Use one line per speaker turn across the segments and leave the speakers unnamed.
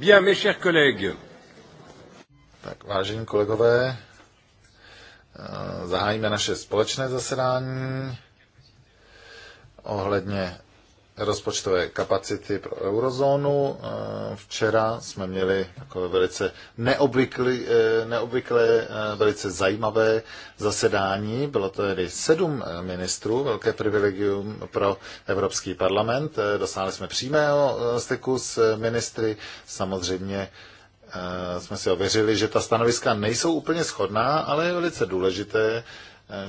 Bien, mes chers collègues. Tak, vážení kolegové, eh, zahájíme naše společné zasedání ohledně rozpočtové kapacity pro eurozónu. E, včera jsme měli jako velice e, neobvyklé, neobvyklé velice zajímavé zasedání. Bylo to tedy sedm e, ministrů, velké privilegium pro Evropský parlament. Dosáhli jsme přímého styku s ministry. Samozřejmě jsme si ověřili, že ta stanoviska nejsou úplně shodná, ale je velice důležité,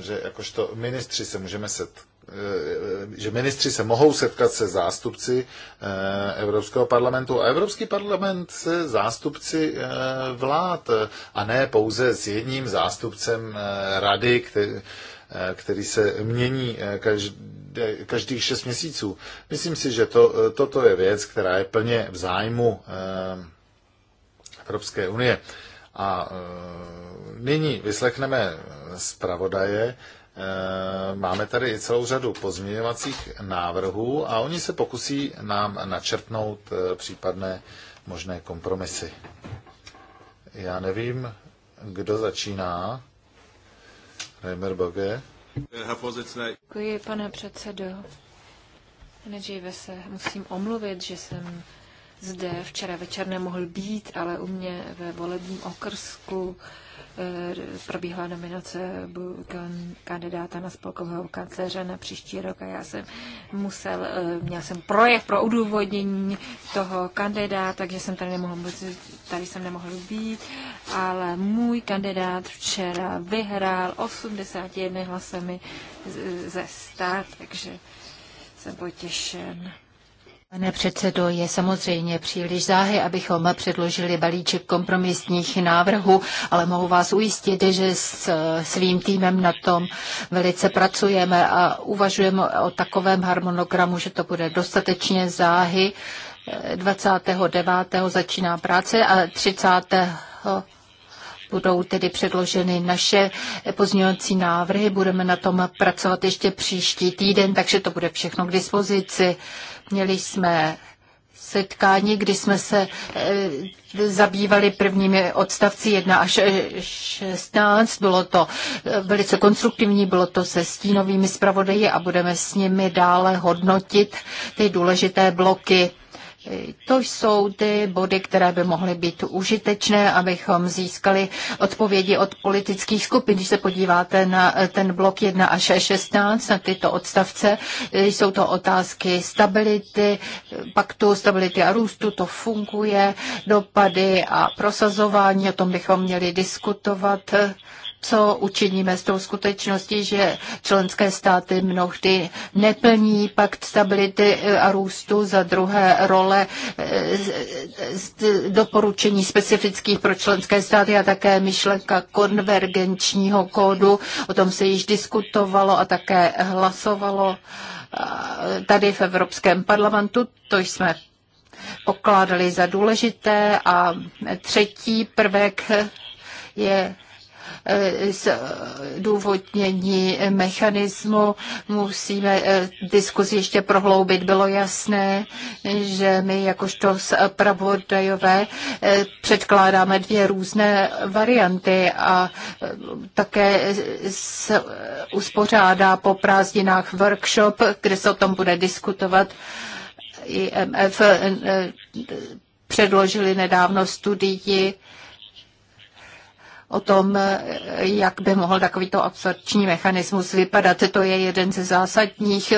že jakožto ministři se můžeme setkat že ministři se mohou setkat se zástupci eh, Evropského parlamentu a Evropský parlament se zástupci eh, vlád a ne pouze s jedním zástupcem eh, rady, který, který se mění každých šest měsíců. Myslím si, že to, toto je věc, která je plně v zájmu Evropské unie. A nyní vyslechneme zpravodaje, Eh, máme tady celou řadu pozměňovacích návrhů a oni se pokusí nám načrtnout eh, případné možné kompromisy. Já nevím, kdo začíná. Reimer Boge.
Děkuji, pane předsedo. Nejdříve se musím omluvit, že jsem zde včera večer nemohl být, ale u mě ve volebním okrsku Eh, probíhala nominace kandidáta na spolkového kancléře na příští rok a já jsem musel, eh, měl jsem projev pro udůvodnění toho kandidáta, takže jsem tady nemohl, tady jsem nemohl být, ale můj kandidát včera vyhrál 81 hlasemi ze stát, takže jsem potěšen.
Pane předsedo, je samozřejmě příliš záhy, abychom předložili balíček kompromisních návrhů, ale mohu vás ujistit, že s svým týmem na tom velice pracujeme a uvažujeme o takovém harmonogramu, že to bude dostatečně záhy. 29. začíná práce a 30 budou tedy předloženy naše pozměňovací návrhy. Budeme na tom pracovat ještě příští týden, takže to bude všechno k dispozici. Měli jsme setkání, kdy jsme se eh, zabývali prvními odstavci 1 až 16. Bylo to eh, velice konstruktivní, bylo to se stínovými zpravodaji a budeme s nimi dále hodnotit ty důležité bloky to jsou ty body, které by mohly být užitečné, abychom získali odpovědi od politických skupin. Když se podíváte na ten blok 1 až 16, na tyto odstavce, jsou to otázky stability, paktu stability a růstu, to funguje, dopady a prosazování, o tom bychom měli diskutovat co učiníme s tou skutečností, že členské státy mnohdy neplní pakt stability e, a růstu, za druhé role e, doporučení specifických pro členské státy a také myšlenka konvergenčního kódu. O tom se již diskutovalo a také hlasovalo e, tady v Evropském parlamentu. To jsme pokládali za důležité. A třetí prvek je Eh, eh, důvodnění mechanismu. Musíme eh, diskuzi ještě prohloubit. Bylo jasné, že my jakožto zpravodajové předkládáme dvě různé varianty a také se uspořádá po prázdninách workshop, kde se o tom bude diskutovat. IMF předložili nedávno studii o tom, eh, jak by mohl takovýto absorpční mechanismus vypadat. To je jeden ze zásadních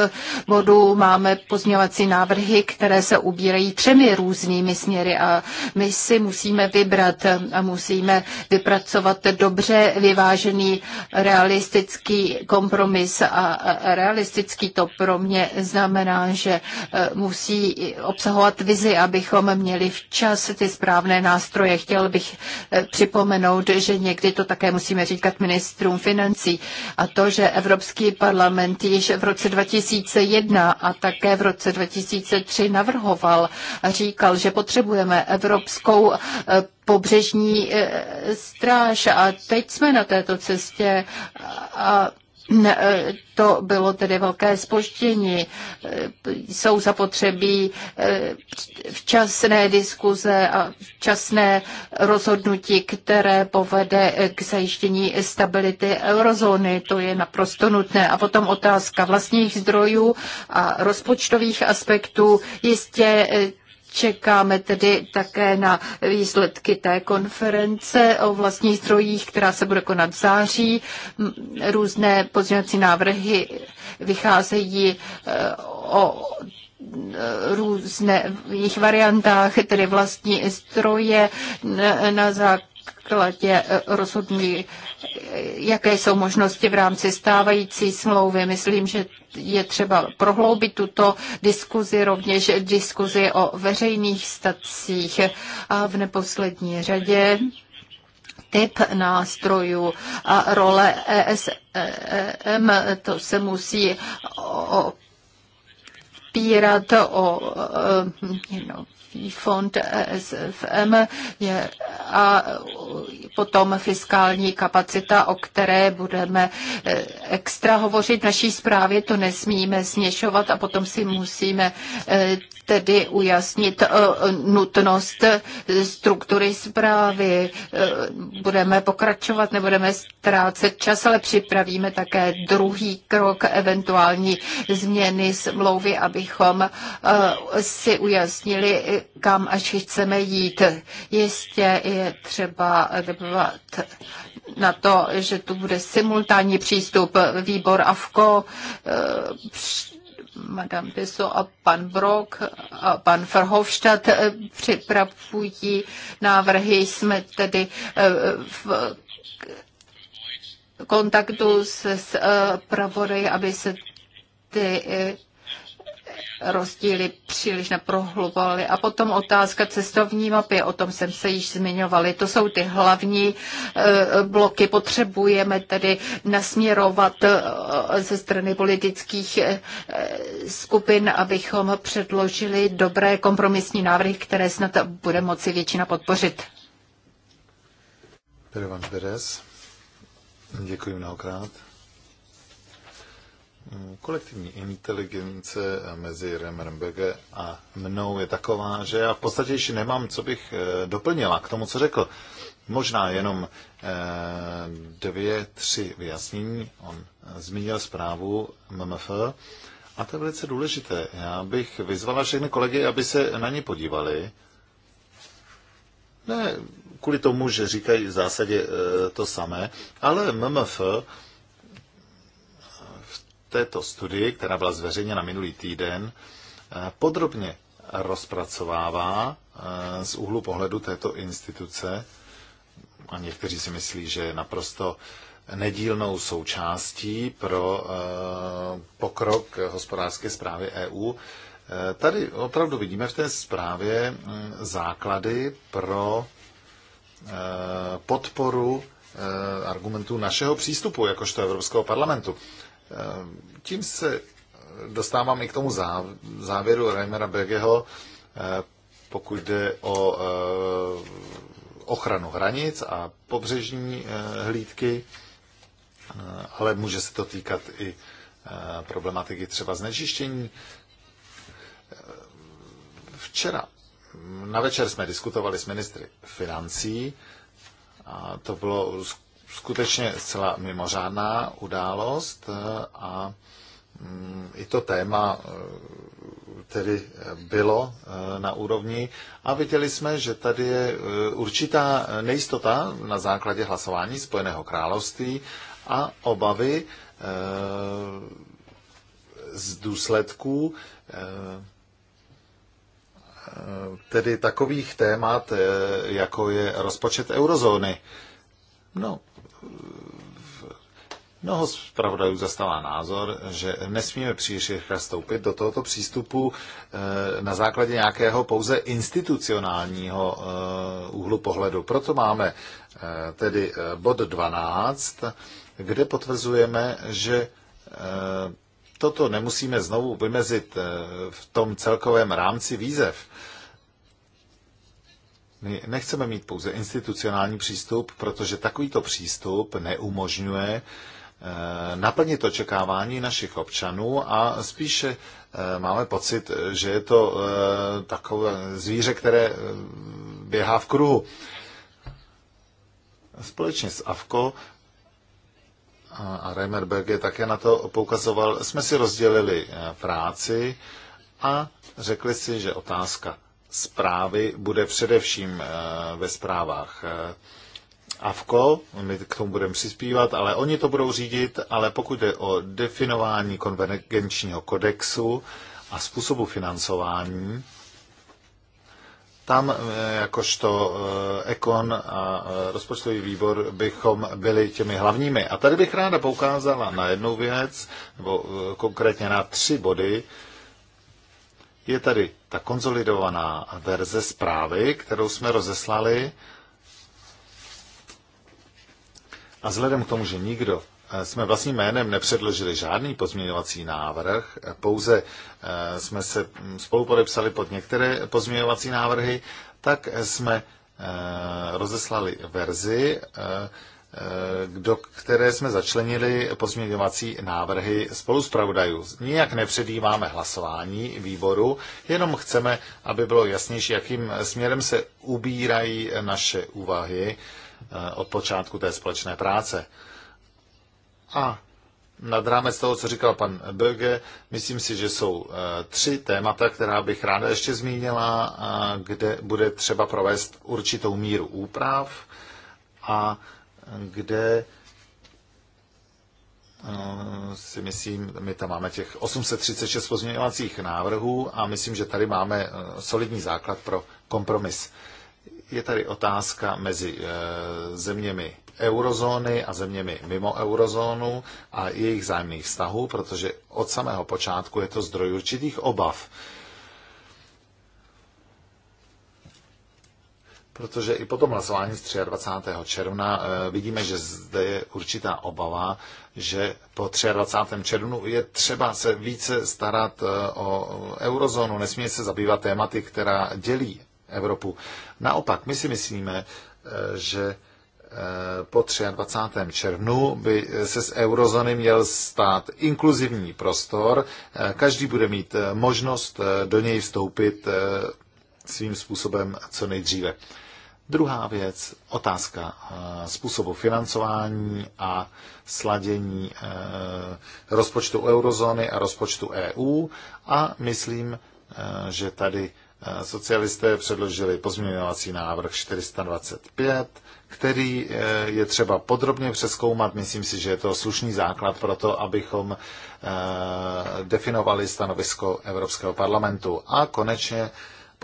bodů. Máme pozměňovací návrhy, které se ubírají třemi různými směry a my si musíme vybrat a musíme vypracovat dobře vyvážený realistický kompromis a realistický to pro mě znamená, že eh, musí obsahovat vizi, abychom měli včas ty správné nástroje. Chtěl bych eh, připomenout, že někdy to také musíme říkat ministrům financí. A to, že Evropský parlament již v roce 2001 a také v roce 2003 navrhoval a říkal, že potřebujeme evropskou eh, pobřežní eh, stráž a teď jsme na této cestě a E, to bylo tedy velké spoštění. E, jsou zapotřebí e, včasné diskuze a včasné rozhodnutí, které povede k zajištění stability eurozóny. To je naprosto nutné. A potom otázka vlastních zdrojů a rozpočtových aspektů. Jistě Čekáme tedy také na výsledky té konference o vlastních zdrojích, která se bude konat v září. Různé pozměňovací návrhy vycházejí e, o e, různých variantách, tedy vlastní stroje na základě kladě eh, rozhodují, jaké jsou možnosti v rámci stávající smlouvy. Myslím, že je třeba prohloubit tuto diskuzi, rovněž diskuzi o veřejných stacích a v neposlední řadě typ nástrojů a role ESM, e to se musí opírat o you eh, know, fond SFM je a potom fiskální kapacita, o které budeme eh, extra hovořit v naší zprávě, to nesmíme směšovat a potom si musíme eh, tedy ujasnit e, nutnost struktury zprávy. E, budeme pokračovat, nebudeme ztrácet čas, ale připravíme také druhý krok eventuální změny smlouvy, abychom e, si ujasnili, kam až chceme jít. Jistě je třeba debovat na to, že tu bude simultánní přístup výbor AFKO Madame Piso a pan Brok a pan Verhofstadt eh, připravují návrhy. Jsme tedy eh, v kontaktu se s eh, pravory, aby se ty rozdíly příliš neprohlubovaly. A potom otázka cestovní mapy, o tom jsem se již zmiňovali. To jsou ty hlavní e, bloky. Potřebujeme tedy nasměrovat e, ze strany politických e, skupin, abychom předložili dobré kompromisní návrhy, které snad bude moci většina podpořit.
děkuji mnohokrát. Mm, kolektivní inteligence mezi Remerem Bege a mnou je taková, že já v podstatě ještě nemám, co bych eh, doplnila k tomu, co řekl. Možná jenom eh, dvě, tři vyjasnění. On eh, zmínil zprávu MMF a to je velice důležité. Já bych vyzvala všechny kolegy, aby se na ně podívali. Ne kvůli tomu, že říkají v zásadě to samé, ale MMF této studii, která byla zveřejněna minulý týden, eh, podrobně rozpracovává eh, z úhlu pohledu této instituce, a někteří si myslí, že je naprosto nedílnou součástí pro eh, pokrok hospodářské zprávy EU. Tady opravdu vidíme v té zprávě základy pro podporu argumentů našeho přístupu, jakožto Evropského parlamentu. Tím se dostávám i k tomu závěru Reimera Bergeho, eh, pokud jde o eh, ochranu hranic a pobřežní eh, hlídky, ale může se to týkat i problematiky třeba znečištění. Včera na večer jsme diskutovali s ministry financí a to bylo skutečně zcela mimořádná událost eh, a mm, i to téma eh, tedy eh, bylo na úrovni a viděli jsme, že tady je určitá nejistota na základě hlasování Spojeného království a obavy z důsledků tedy takových témat, jako je rozpočet eurozóny. No, Mnoho zpravodajů zastává názor, že nesmíme příliš rychle vstoupit do tohoto přístupu eh, na základě nějakého pouze institucionálního eh, úhlu pohledu. Proto máme eh, tedy bod 12, kde potvrzujeme, že toto nemusíme znovu vymezit v tom celkovém rámci výzev. My nechceme mít pouze institucionální přístup, protože takovýto přístup neumožňuje eh, naplnit očekávání našich občanů a spíše eh, máme pocit, že je to eh, takové zvíře, které běhá v kruhu. Společně s AVKO a Reimerberg je také na to poukazoval, jsme si rozdělili práci a řekli si, že otázka zprávy bude především eh, ve zprávách eh, AVKO, my k tomu budeme přispívat, ale oni to budou řídit, ale pokud jde o definování konvergenčního kodexu a způsobu financování, tam eh, jakožto Ekon a rozpočtový výbor bychom byli těmi hlavními. A tady bych ráda poukázala na jednu věc, nebo konkrétně na tři body, je tady ta konzolidovaná verze zprávy, kterou jsme rozeslali. A vzhledem k tomu, že nikdo eh, jsme vlastním jménem nepředložili žádný pozměňovací návrh, eh, pouze eh, jsme se hm, spolu podepsali pod některé pozměňovací návrhy, tak jsme rozeslali verzi, Eh, do které jsme začlenili pozměňovací návrhy spoluspravodajů. Nijak nepředjímáme hlasování výboru, jenom chceme, aby bylo jasnější, jakým směrem se ubírají naše úvahy eh, od počátku té společné práce. A nad rámec toho, co říkal pan Böge, myslím si, že jsou eh, tři témata, která bych ráda ještě zmínila, kde bude třeba provést určitou míru úprav a kde eh, si myslím, my tam máme těch 836 pozměňovacích návrhů a myslím, že tady máme eh, solidní základ pro kompromis. Je tady otázka mezi eh, zeměmi eurozóny a zeměmi mimo eurozónu a jejich zájemných vztahů, protože od samého počátku je to zdroj určitých obav protože i po tom hlasování z 23. června eh, vidíme, že zde je určitá obava, že po 23. červnu je třeba se více starat eh, o eurozónu, nesmí se zabývat tématy, která dělí Evropu. Naopak, my si myslíme, eh, že po 23. červnu by se z eurozóny měl stát inkluzivní prostor. Každý bude mít možnost do něj vstoupit svým způsobem co nejdříve. Druhá věc, otázka eh, způsobu financování a sladění eh, rozpočtu eurozóny a rozpočtu EU. A myslím, eh, že tady socialisté předložili pozměňovací návrh 425, který je třeba podrobně přeskoumat. Myslím si, že je to slušný základ pro to, abychom definovali stanovisko Evropského parlamentu. A konečně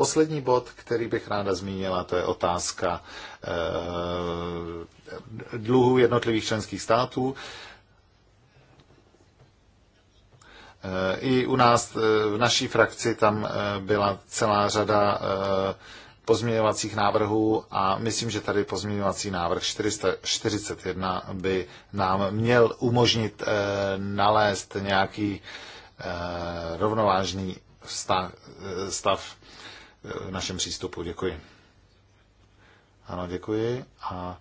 Poslední bod, který bych ráda zmínila, to je otázka eh, dluhu jednotlivých členských států. Eh, I u nás eh, v naší frakci tam byla celá řada pozměňovacích návrhů a myslím, že tady pozměňovací návrh 441 by nám měl umožnit nalézt nějaký rovnovážný stav v našem přístupu. Děkuji. Ano, děkuji. A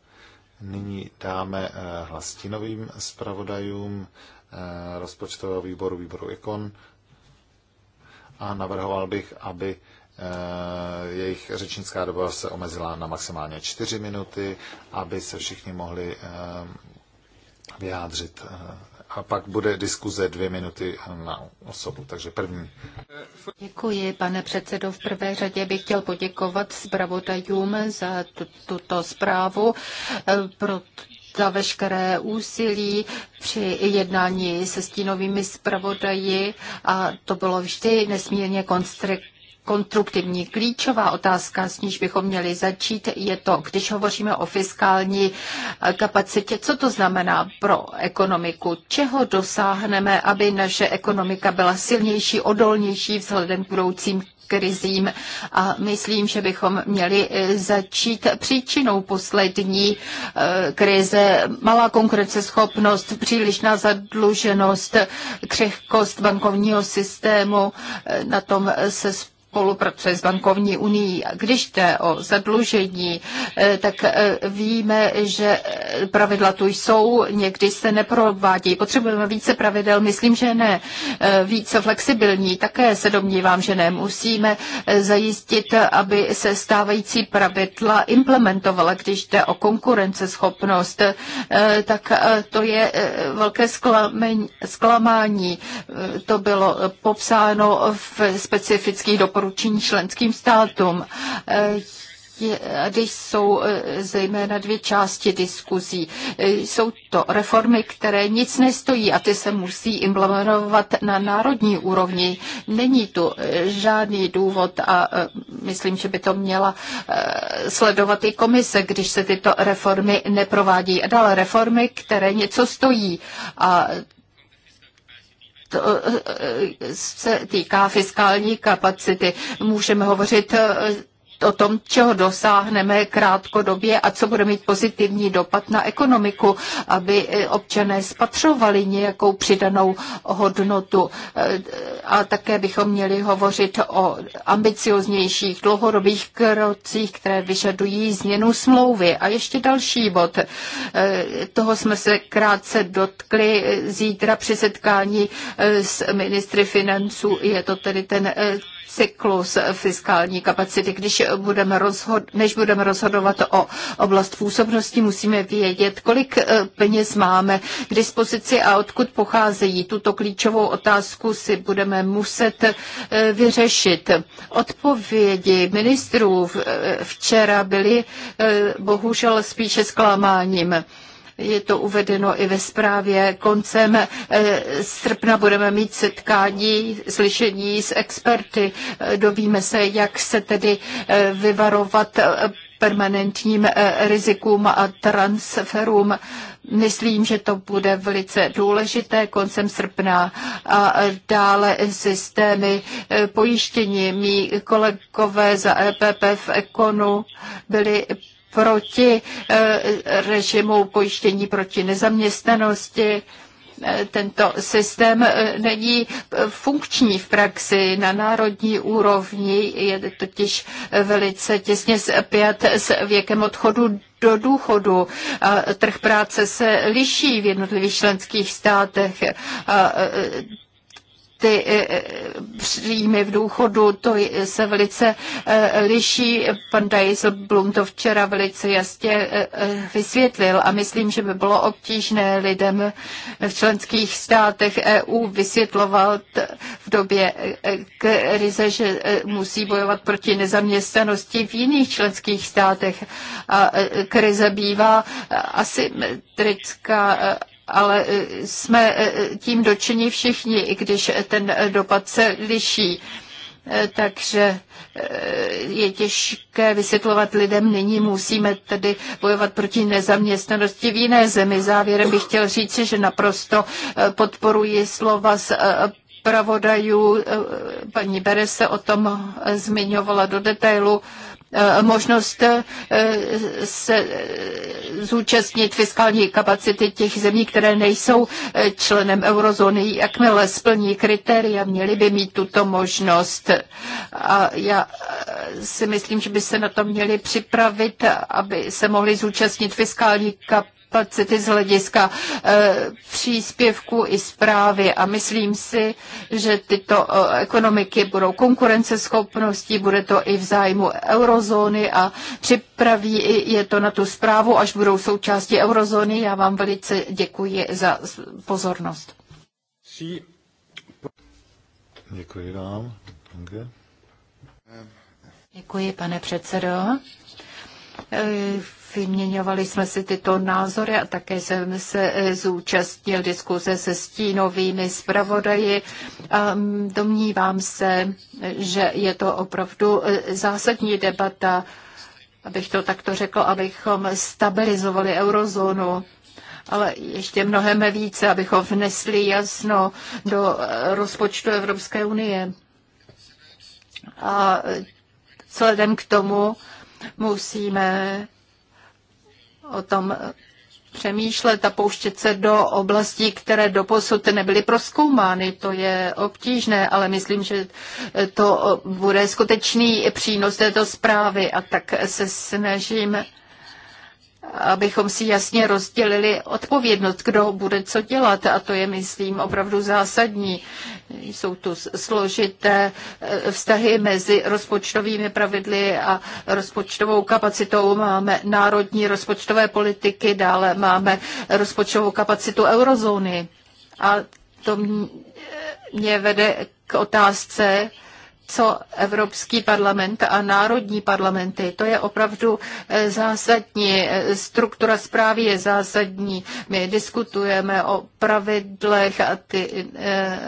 nyní dáme eh, hlastinovým zpravodajům eh, rozpočtového výboru, výboru IKON. A navrhoval bych, aby eh, jejich řečnická doba se omezila na maximálně čtyři minuty, aby se všichni mohli vyjádřit a pak bude diskuze dvě minuty na osobu. Takže první.
Děkuji, pane předsedo. V prvé řadě bych chtěl poděkovat zpravodajům za tuto zprávu, eh, pro za veškeré úsilí při jednání se stínovými zpravodaji a to bylo vždy nesmírně konstruktivní konstruktivní klíčová otázka, s níž bychom měli začít, je to, když hovoříme o fiskální eh, kapacitě, co to znamená pro ekonomiku, čeho dosáhneme, aby naše ekonomika byla silnější, odolnější vzhledem k budoucím krizím a myslím, že bychom měli eh, začít příčinou poslední eh, krize. Malá konkurenceschopnost, přílišná zadluženost, křehkost bankovního systému, na tom se spolu spolupracuje s bankovní unii. Když jde o zadlužení, eh, tak eh, víme, že eh, pravidla tu jsou, někdy se neprovádějí. Potřebujeme více pravidel, myslím, že ne. Více flexibilní, také se domnívám, že ne. Musíme zajistit, aby se stávající pravidla implementovala. Když jde o konkurenceschopnost, tak to je velké zklamání. To bylo popsáno v specifických doporučeních doporučení členským státům když eh, jsou eh, zejména dvě části diskuzí. Eh, jsou to reformy, které nic nestojí a ty se musí implementovat na národní úrovni. Není tu žádný důvod a myslím, že by to měla sledovat i komise, když se tyto reformy neprovádí. A dále reformy, které něco stojí. A to eh, eh, se týká fiskální kapacity. Můžeme hovořit eh, o tom, čeho dosáhneme krátkodobě a co bude mít pozitivní dopad na ekonomiku, aby občané spatřovali nějakou přidanou hodnotu. A také bychom měli hovořit o ambicioznějších dlouhodobých krocích, které vyžadují změnu smlouvy. A ještě další bod. Toho jsme se krátce dotkli zítra při setkání s ministry financů. Je to tedy ten cyklus fiskální kapacity. Když budeme rozhod, než budeme rozhodovat o oblast působnosti, musíme vědět, kolik eh, peněz máme k dispozici a odkud pocházejí. Tuto klíčovou otázku si budeme muset eh, vyřešit. Odpovědi ministrů eh, včera byly bohužel spíše zklamáním. Je to uvedeno i ve zprávě. Koncem eh, srpna budeme mít setkání, slyšení s experty. Eh, dovíme se, jak se tedy eh, vyvarovat permanentním rizikům a transferům. Myslím, že to bude velice důležité koncem srpna a dále systémy pojištění. Mí kolegové za EPP v Ekonu byli proti eh, režimu pojištění proti nezaměstnanosti. Eh, tento systém eh, není funkční v praxi na národní úrovni, je totiž velice těsně zpět s věkem odchodu do důchodu. A trh práce se liší v jednotlivých členských státech. A ty eh, příjmy v důchodu, to se velice eh, liší. Pan Dijsselblum to včera velice jasně eh, vysvětlil a myslím, že by bylo obtížné lidem v členských státech EU vysvětlovat v době krize, že musí bojovat proti nezaměstnanosti v jiných členských státech. A krize bývá asymetrická ale e, jsme e, tím dočeni všichni, i když ten dopad se liší. E, takže je těžké vysvětlovat lidem, nyní musíme tedy bojovat proti nezaměstnanosti v jiné zemi. Závěrem bych chtěl říci, že naprosto podporuji slova z pravodajů. Paní Bere se o tom zmiňovala do detailu. Eh, možnost eh, se zúčastnit fiskální kapacity těch zemí, které nejsou eh, členem eurozóny. Jakmile splní kritéria, měli by mít tuto možnost. A já si myslím, že by se na to měli připravit, aby se mohli zúčastnit fiskální kapacity kapacity z hlediska eh, příspěvku i zprávy. A myslím si, že tyto eh, ekonomiky budou konkurenceschopností, bude to i v zájmu eurozóny a připraví je to na tu zprávu, až budou součástí eurozóny. Já vám velice děkuji za pozornost.
Děkuji vám.
Děkuji, pane předsedo. Eh, Vyměňovali jsme si tyto názory a také jsem se eh, zúčastnil diskuze se stínovými zpravodaji. A mm, domnívám se, že je to opravdu eh, zásadní debata, abych to takto řekl, abychom stabilizovali eurozónu ale ještě mnohem více, abychom vnesli jasno do eh, rozpočtu Evropské unie. A vzhledem k tomu musíme o tom přemýšlet a pouštět se do oblastí, které doposud nebyly proskoumány. To je obtížné, ale myslím, že to bude skutečný přínos této zprávy a tak se snažím abychom si jasně rozdělili odpovědnost, kdo bude co dělat a to je, myslím, opravdu zásadní. Jsou tu složité eh, vztahy mezi rozpočtovými pravidly a rozpočtovou kapacitou. Máme národní rozpočtové politiky, dále máme rozpočtovou kapacitu eurozóny. A to mě vede k otázce, co Evropský parlament a národní parlamenty. To je opravdu eh, zásadní. Struktura zprávy je zásadní. My diskutujeme o pravidlech a ty eh,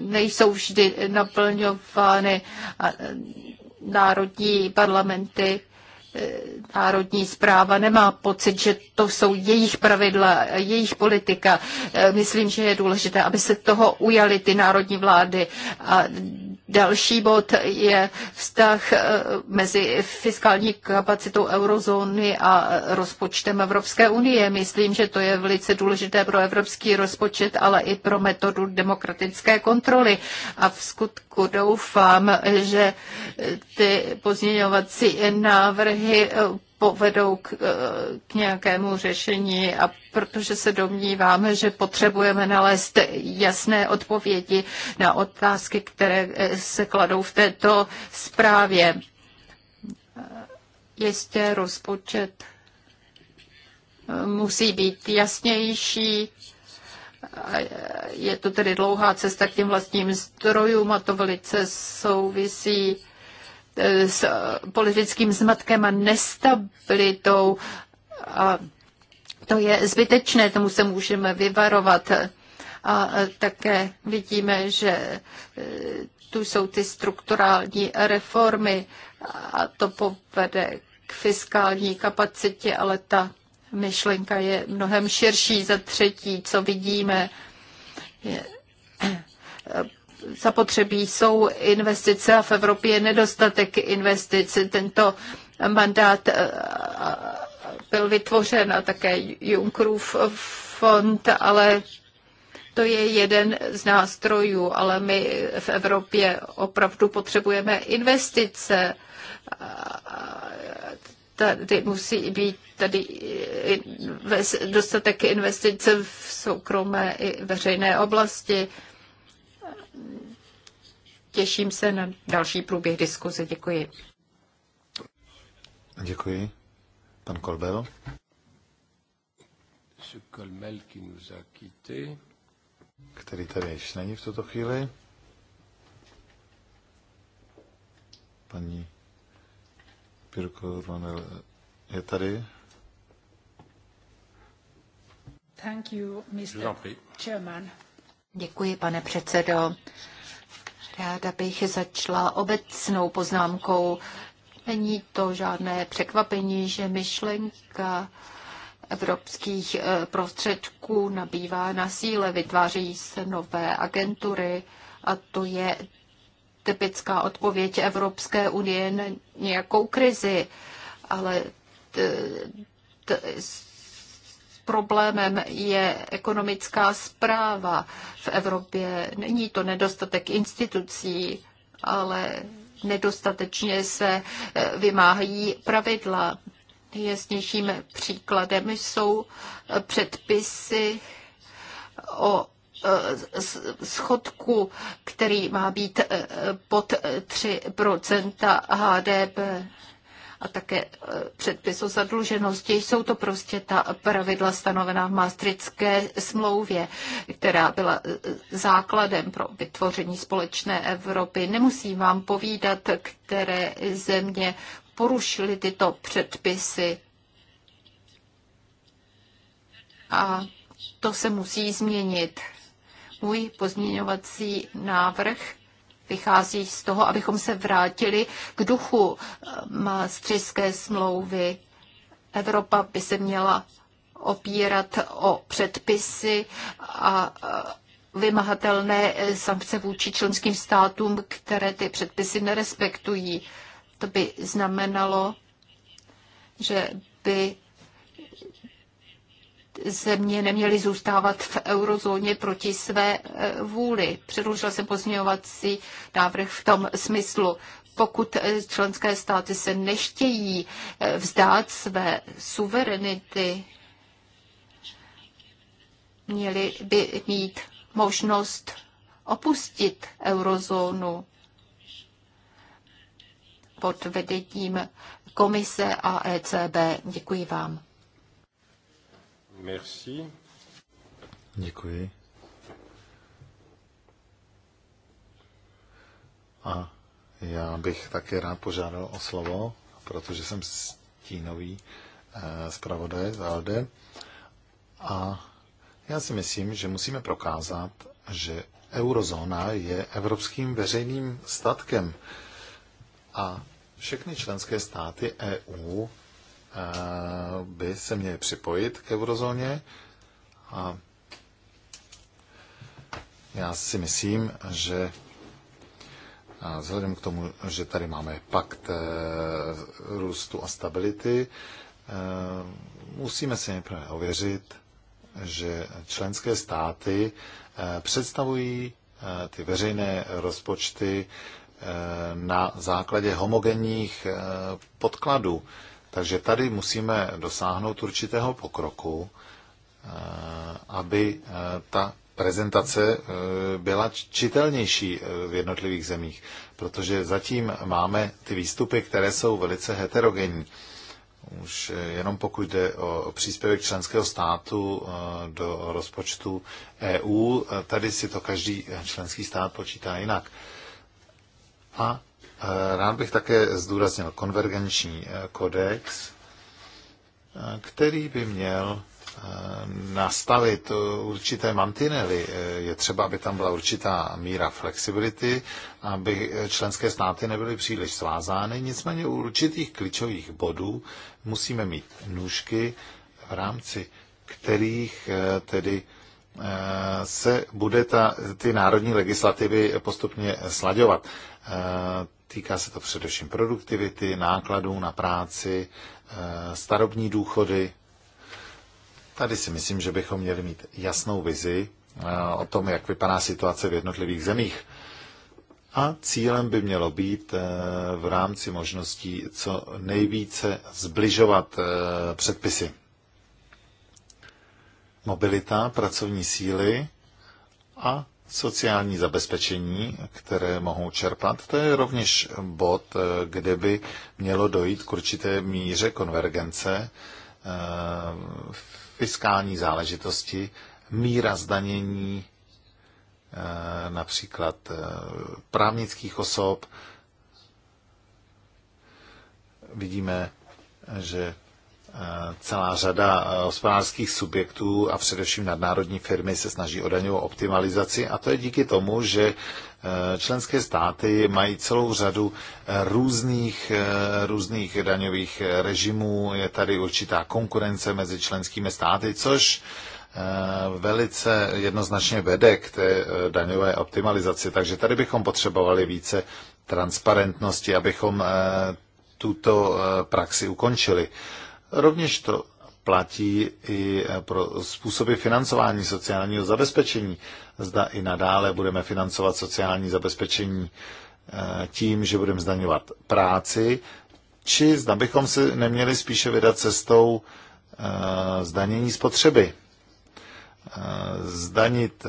nejsou vždy naplňovány. Eh, národní parlamenty národní zpráva nemá pocit, že to jsou jejich pravidla, jejich politika. Myslím, že je důležité, aby se toho ujali ty národní vlády a Další bod je vztah eh, mezi fiskální kapacitou eurozóny a rozpočtem Evropské unie. Myslím, že to je velice důležité pro evropský rozpočet, ale i pro metodu demokratické kontroly. A v skutku doufám, že ty pozměňovací návrhy povedou k, eh, k nějakému řešení a protože se domníváme, že potřebujeme nalézt jasné odpovědi na otázky, které eh, se kladou v této zprávě. Eh, jistě rozpočet musí být jasnější. Je to tedy dlouhá cesta k těm vlastním zdrojům a to velice souvisí Eh, s politickým zmatkem a nestabilitou. A to je zbytečné, tomu se můžeme vyvarovat. A eh, také vidíme, že eh, tu jsou ty strukturální reformy a to povede k fiskální kapacitě, ale ta myšlenka je mnohem širší. Za třetí, co vidíme, je zapotřebí jsou investice a v Evropě je nedostatek investic. Tento mandát eh, byl vytvořen a také Junckerův fond, ale to je jeden z nástrojů, ale my v Evropě opravdu potřebujeme investice. Tady musí být tady dostatek investice v soukromé i veřejné oblasti těším se na další průběh diskuze. Děkuji.
Děkuji. Pan Kolbel. Který tady již není v tuto chvíli. Paní Pirko Ronel je tady.
Thank you,
Mr.
Chairman. Děkuji, pane předsedo. Ráda bych začala obecnou poznámkou. Není to žádné překvapení, že myšlenka evropských eh, prostředků nabývá na síle, vytváří se nové agentury a to je typická odpověď Evropské unie na nějakou krizi, ale problémem je ekonomická zpráva v Evropě. Není to nedostatek institucí, ale nedostatečně se eh, vymáhají pravidla. Jasnějším příkladem jsou eh, předpisy o eh, schodku, který má být pod 3 HDP a také e, předpis o zadluženosti. Jsou to prostě ta pravidla stanovená v Maastrichtské smlouvě, která byla e, základem pro vytvoření společné Evropy. Nemusím vám povídat, které země porušily tyto předpisy. A to se musí změnit. Můj pozměňovací návrh vychází z toho, abychom se vrátili k duchu eh, Maastrichtské smlouvy. Evropa by se měla opírat o předpisy a eh, vymahatelné eh, sankce vůči členským státům, které ty předpisy nerespektují. To by znamenalo, že by země neměly zůstávat v eurozóně proti své e, vůli. Předložila jsem pozměňovací návrh v tom smyslu, pokud e, členské státy se nechtějí e, vzdát své suverenity, měli by mít možnost opustit eurozónu pod vedením komise a ECB. Děkuji vám.
Merci. Děkuji. A já bych také rád požádal o slovo, protože jsem stínový eh, zpravodaj z ALDE. A já si myslím, že musíme prokázat, že eurozóna je evropským veřejným statkem a všechny členské státy EU by se měly připojit k eurozóně. A já si myslím, že vzhledem k tomu, že tady máme pakt e, růstu a stability, e, musíme si nejprve ověřit, že členské státy e, představují ty veřejné rozpočty na základě homogenních podkladů. Takže tady musíme dosáhnout určitého pokroku, eh, aby eh, ta prezentace eh, byla čitelnější v jednotlivých zemích, protože zatím máme ty výstupy, které jsou velice heterogenní. Už jenom pokud jde o příspěvek členského státu do rozpočtu EU, tady si to každý členský stát počítá jinak. A Eh, rád bych také zdůraznil konvergenční eh, kodex, eh, který by měl nastavit určité mantinely. Je třeba, aby tam byla určitá míra flexibility, aby členské státy nebyly příliš svázány. Nicméně u určitých klíčových bodů musíme mít nůžky, v rámci kterých tedy se bude ta, ty národní legislativy postupně slaďovat. Týká se to především produktivity, nákladů na práci, eh, starobní důchody. Tady si myslím, že bychom měli mít jasnou vizi eh, o tom, jak vypadá situace v jednotlivých zemích. A cílem by mělo být eh, v rámci možností co nejvíce zbližovat předpisy. Mobilita pracovní síly a sociální zabezpečení, které mohou čerpat. To je rovněž bod, kde by mělo dojít k určité míře konvergence eh, fiskální záležitosti, míra zdanění eh, například eh, právnických osob. Vidíme, že Eh, celá řada eh, hospodářských subjektů a především nadnárodní firmy se snaží o daňovou optimalizaci a to je díky tomu, že eh, členské státy mají celou řadu různých, různých daňových režimů. Je tady určitá konkurence mezi členskými státy, což velice jednoznačně vede k té daňové optimalizaci. Takže tady bychom potřebovali více transparentnosti, abychom tuto praxi ukončili. Rovněž to platí i pro způsoby financování sociálního zabezpečení. Zda i nadále budeme financovat sociální zabezpečení eh, tím, že budeme zdaňovat práci, či zda bychom se neměli spíše vydat cestou eh, zdanění spotřeby. Eh, zdanit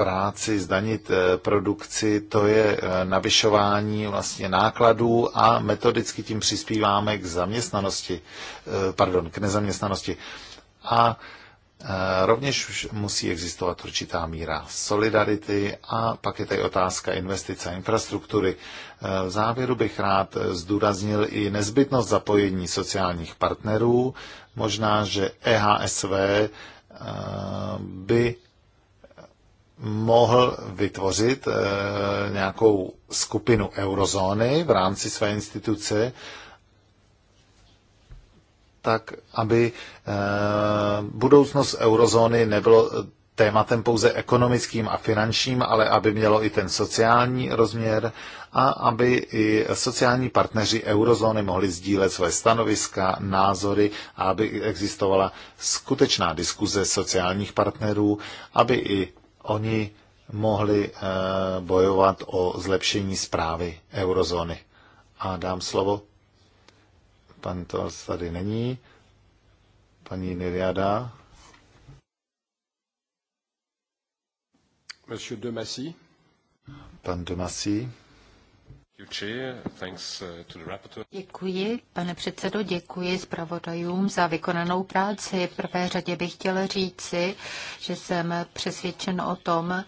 práci, zdanit eh, produkci, to je eh, navyšování vlastně nákladů a metodicky tím přispíváme k zaměstnanosti, eh, pardon, k nezaměstnanosti. A Rovněž musí existovat určitá míra solidarity a pak je tady otázka investice a infrastruktury. V závěru bych rád zdůraznil i nezbytnost zapojení sociálních partnerů. Možná, že e EHSV by mohl vytvořit eh, nějakou skupinu eurozóny v rámci své instituce, tak aby eh, budoucnost eurozóny nebylo eh, tématem pouze ekonomickým a finančním, ale aby mělo i ten sociální rozměr a aby i sociální partneři eurozóny mohli sdílet své stanoviska, názory a aby existovala skutečná diskuze sociálních partnerů, aby i oni mohli eh, bojovat o zlepšení zprávy eurozóny. A dám slovo. Pan to tady není. Paní Niriada.
Monsieur de Massy.
Pan de Massy. Uh,
děkuji, pane předsedo, děkuji zpravodajům za vykonanou práci. V prvé řadě bych chtěl říci, že jsem přesvědčen o tom,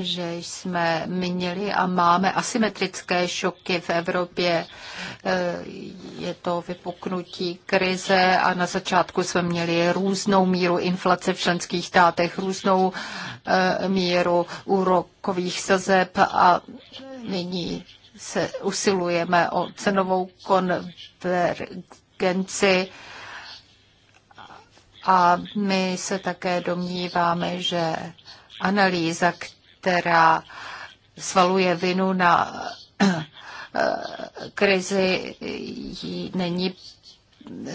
že jsme měli a máme asymetrické šoky v Evropě. Eh, je to vypuknutí krize a na začátku jsme měli různou míru inflace v členských státech, různou eh, míru úrokových sazeb a nyní se usilujeme o cenovou konvergenci a my se také domníváme, že analýza, která svaluje vinu na eh, krizi, není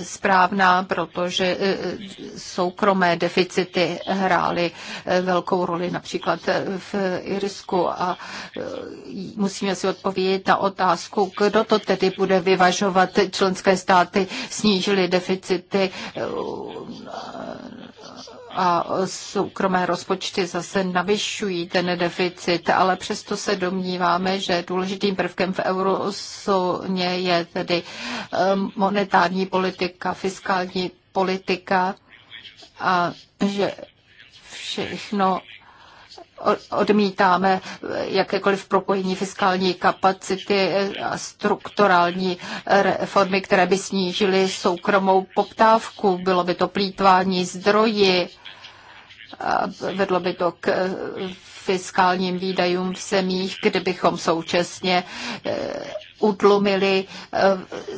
správná, protože e, e, soukromé deficity hrály e, velkou roli například v Irsku a musíme si odpovědět na otázku, kdo to tedy bude vyvažovat. Členské státy snížily deficity a soukromé rozpočty zase navyšují ten deficit, ale přesto se domníváme, že důležitým prvkem v eurozóně je tedy um, monetární politika, fiskální politika a že všechno odmítáme jakékoliv propojení fiskální kapacity a strukturální reformy, které by snížily soukromou poptávku. Bylo by to plítvání zdroji vedlo by to k eh, fiskálním výdajům v zemích, kdybychom současně eh, utlumili eh,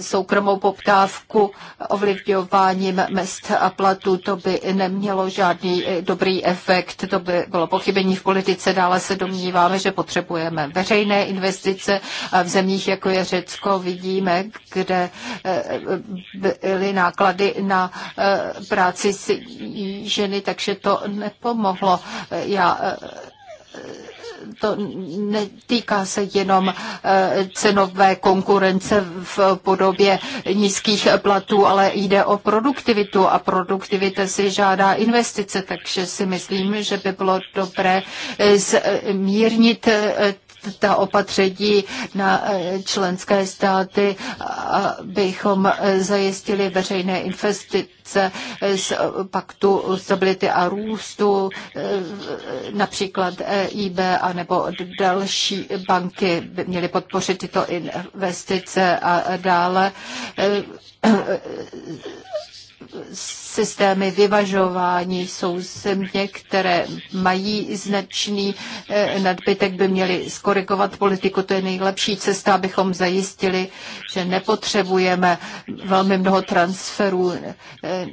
soukromou poptávku ovlivňováním mest a platů. To by nemělo žádný eh, dobrý efekt, to by bylo pochybení v politice. Dále se domníváme, že potřebujeme veřejné investice a v zemích, jako je Řecko, vidíme, kde eh, byly náklady na práci ženy, takže to nepomohlo. Já to netýká se jenom eh, cenové konkurence v podobě nízkých platů, ale jde o produktivitu a produktivita si žádá investice, takže si myslím, že by bylo dobré eh, zmírnit eh, ta opatření na eh, členské státy, abychom eh, zajistili veřejné investice eh, z paktu stability a růstu, například EIB a nebo další banky by měly podpořit tyto investice a dále systémy vyvažování. Jsou země, které mají značný eh, nadbytek, by měly skorigovat politiku. To je nejlepší cesta, abychom zajistili, že nepotřebujeme velmi mnoho transferů eh,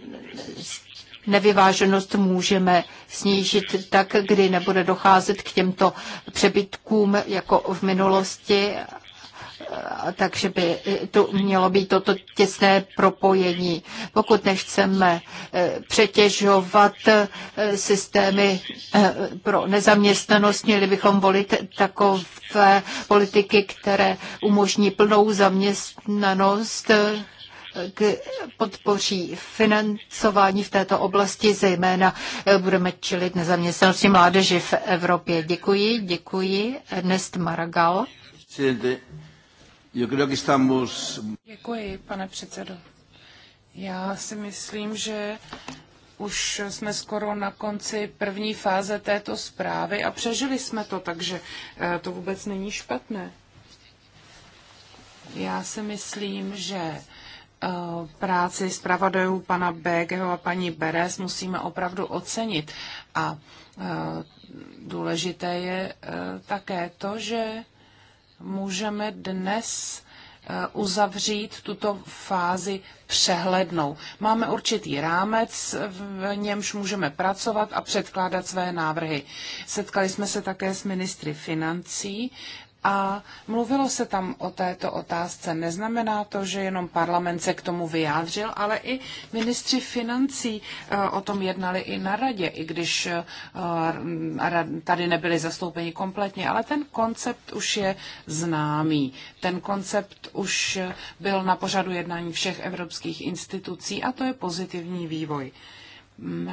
nevyváženost můžeme snížit tak, kdy nebude docházet k těmto přebytkům jako v minulosti takže by tu mělo být toto těsné propojení. Pokud nechceme eh, přetěžovat eh, systémy eh, pro nezaměstnanost, měli bychom volit takové politiky, které umožní plnou zaměstnanost k podpoří financování v této oblasti, zejména budeme čelit nezaměstnanosti mládeži v Evropě. Děkuji, děkuji. Ernest Maragal.
Děkuji.
Děkuji, pane předsedo. Já si myslím, že už jsme skoro na konci první fáze této zprávy a přežili jsme to, takže eh, to vůbec není špatné. Já si myslím, že eh, práci zpravodajů pana Bégeho a paní Beres musíme opravdu ocenit. A eh, důležité je také to, že můžeme dnes eh, uzavřít tuto fázi přehlednou. Máme určitý rámec, v němž můžeme pracovat a předkládat své návrhy. Setkali jsme se také s ministry financí a mluvilo se tam o této otázce. Neznamená to, že jenom parlament se k tomu vyjádřil, ale i ministři financí eh, o tom jednali i na radě, i když eh, tady nebyli zastoupeni kompletně. Ale ten koncept už je známý. Ten koncept už eh, byl na pořadu jednání všech evropských institucí a to je pozitivní vývoj. Mm,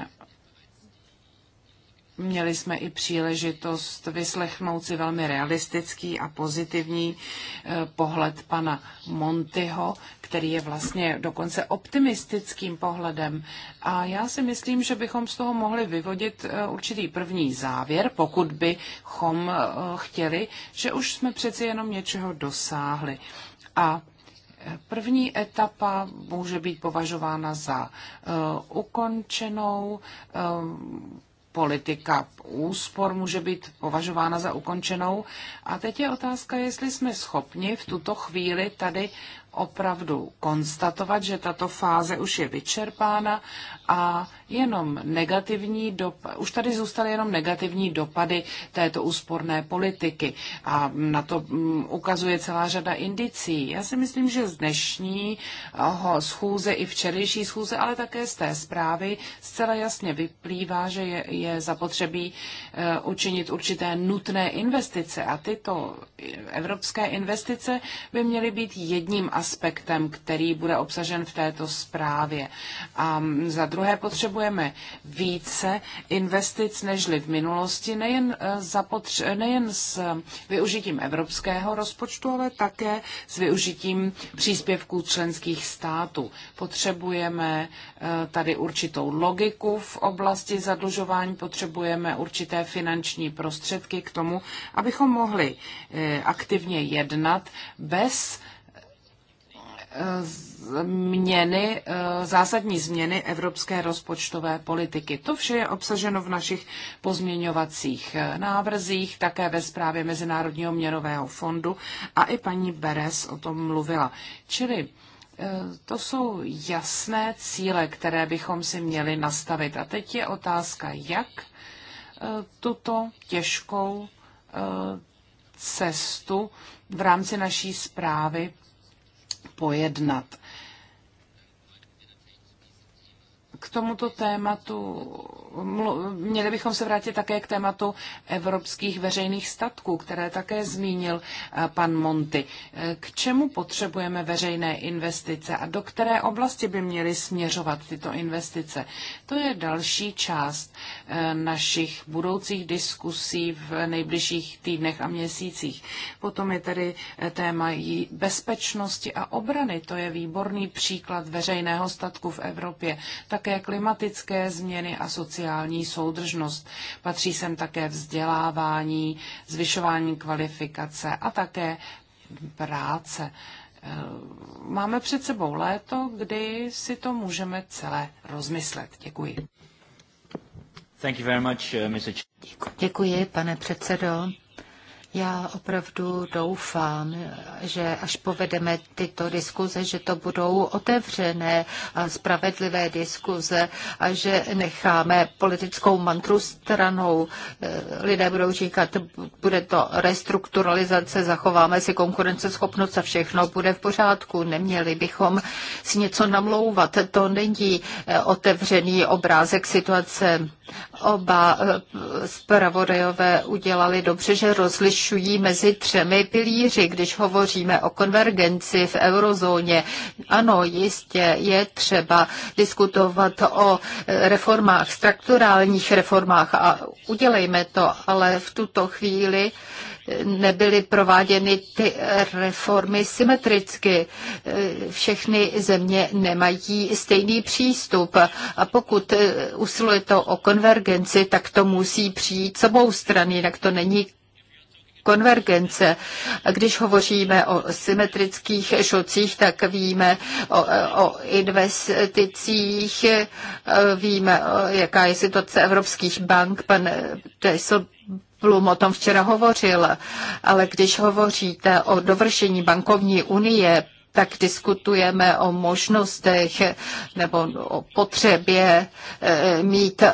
Měli jsme i příležitost vyslechnout si velmi realistický a pozitivní e, pohled pana Montyho, který je vlastně dokonce optimistickým pohledem. A já si myslím, že bychom z toho mohli vyvodit e, určitý první závěr, pokud bychom e, chtěli, že už jsme přeci jenom něčeho dosáhli. A První etapa může být považována za uh, ukončenou. Uh, politika úspor může být považována za ukončenou. A teď je otázka, jestli jsme schopni v tuto chvíli tady opravdu konstatovat, že tato fáze už je vyčerpána a jenom negativní dopady, už tady zůstaly jenom negativní dopady této úsporné politiky a na to mm, ukazuje celá řada indicí. Já si myslím, že z dnešní schůze i včerejší schůze, ale také z té zprávy zcela jasně vyplývá, že je, je zapotřebí e, učinit určité nutné investice a tyto evropské investice by měly být jedním aspektem, který bude obsažen v této zprávě. A za druhé potřebu potřebujeme více investic nežli v minulosti, nejen, eh, zapotře- nejen s eh, využitím evropského rozpočtu, ale také s využitím příspěvků členských států. Potřebujeme eh, tady určitou logiku v oblasti zadlužování, potřebujeme určité finanční prostředky k tomu, abychom mohli aktivně jednat bez změny, eh, zásadní změny evropské rozpočtové politiky. To vše je obsaženo v našich pozměňovacích eh, návrzích, také ve zprávě Mezinárodního měnového fondu a i paní Beres o tom mluvila. Čili eh, to jsou jasné cíle, které bychom si měli nastavit. A teď je otázka, jak tuto těžkou cestu v rámci naší zprávy pojednat. k tomuto tématu, měli bychom se vrátit také k tématu evropských veřejných statků, které také zmínil eh, pan Monty. Eh, k čemu potřebujeme veřejné investice a do které oblasti by měly směřovat tyto investice? To je další část eh, našich budoucích diskusí v nejbližších týdnech a měsících. Potom je tedy téma bezpečnosti a obrany. To je výborný příklad veřejného statku v Evropě. Také klimatické změny a sociální soudržnost. Patří sem také vzdělávání, zvyšování kvalifikace a také práce. Eh, máme před sebou léto, kdy si to můžeme celé rozmyslet. Děkuji.
Thank you very much, uh,
Děkuji, pane předsedo. Já opravdu doufám, že až povedeme tyto diskuze, že to budou otevřené a spravedlivé diskuze a že necháme politickou mantru stranou. Lidé budou říkat, bude to restrukturalizace, zachováme si konkurenceschopnost a všechno bude v pořádku. Neměli bychom si něco namlouvat. To není eh, otevřený obrázek situace. Oba eh, zpravodajové udělali dobře, že rozlišují rozlišují mezi třemi pilíři, když hovoříme o konvergenci v eurozóně. Ano, jistě je třeba diskutovat o reformách, strukturálních reformách a udělejme to, ale v tuto chvíli nebyly prováděny ty reformy symetricky. Všechny země nemají stejný přístup a pokud usiluje to o konvergenci, tak to musí přijít sobou strany, tak to není konvergence. Když hovoříme o symetrických šocích, tak víme o, o investicích, víme, jaká je situace evropských bank. Pan Tesl Blum o tom včera hovořil, ale když hovoříte o dovršení bankovní unie, tak diskutujeme o možnostech nebo o potřebě e, mít e,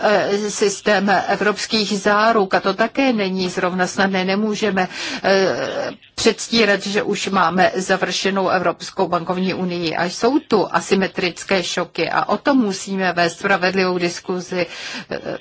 systém evropských záruk. A to také není zrovna snadné. Nemůžeme e, předstírat, že už máme završenou Evropskou bankovní unii. A jsou tu asymetrické šoky a o tom musíme vést spravedlivou diskuzi.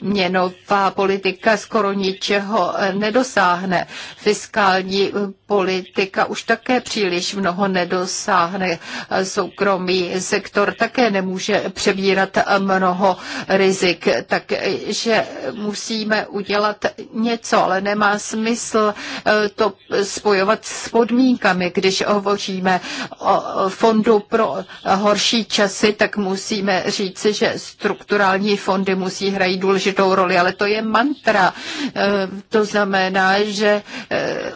Měnová politika skoro ničeho nedosáhne. Fiskální politika už také příliš mnoho nedosáhne dosáhne soukromý sektor, také nemůže přebírat mnoho rizik, takže musíme udělat něco, ale nemá smysl eh, to spojovat s podmínkami. Když hovoříme o fondu pro horší časy, tak musíme říci, že strukturální fondy musí hrají důležitou roli, ale to je mantra. Eh, to znamená, že eh,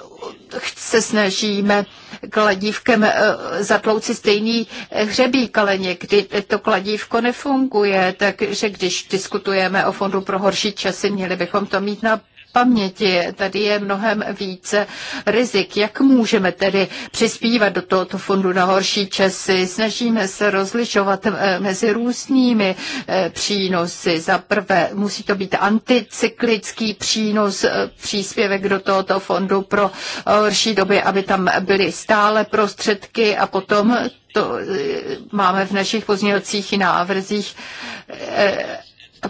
se snažíme kladívkem eh, zatlouci stejný eh, hřebík, ale někdy to kladívko nefunguje, takže když diskutujeme o Fondu pro horší časy, měli bychom to mít na paměti. Tady je mnohem více rizik. Jak můžeme tedy přispívat do tohoto fondu na horší časy? Snažíme se rozlišovat eh, mezi různými eh, přínosy. Za prvé musí to být anticyklický přínos, eh, příspěvek do tohoto fondu pro horší doby, aby tam byly stále prostředky a potom to máme v našich pozměňovacích návrzích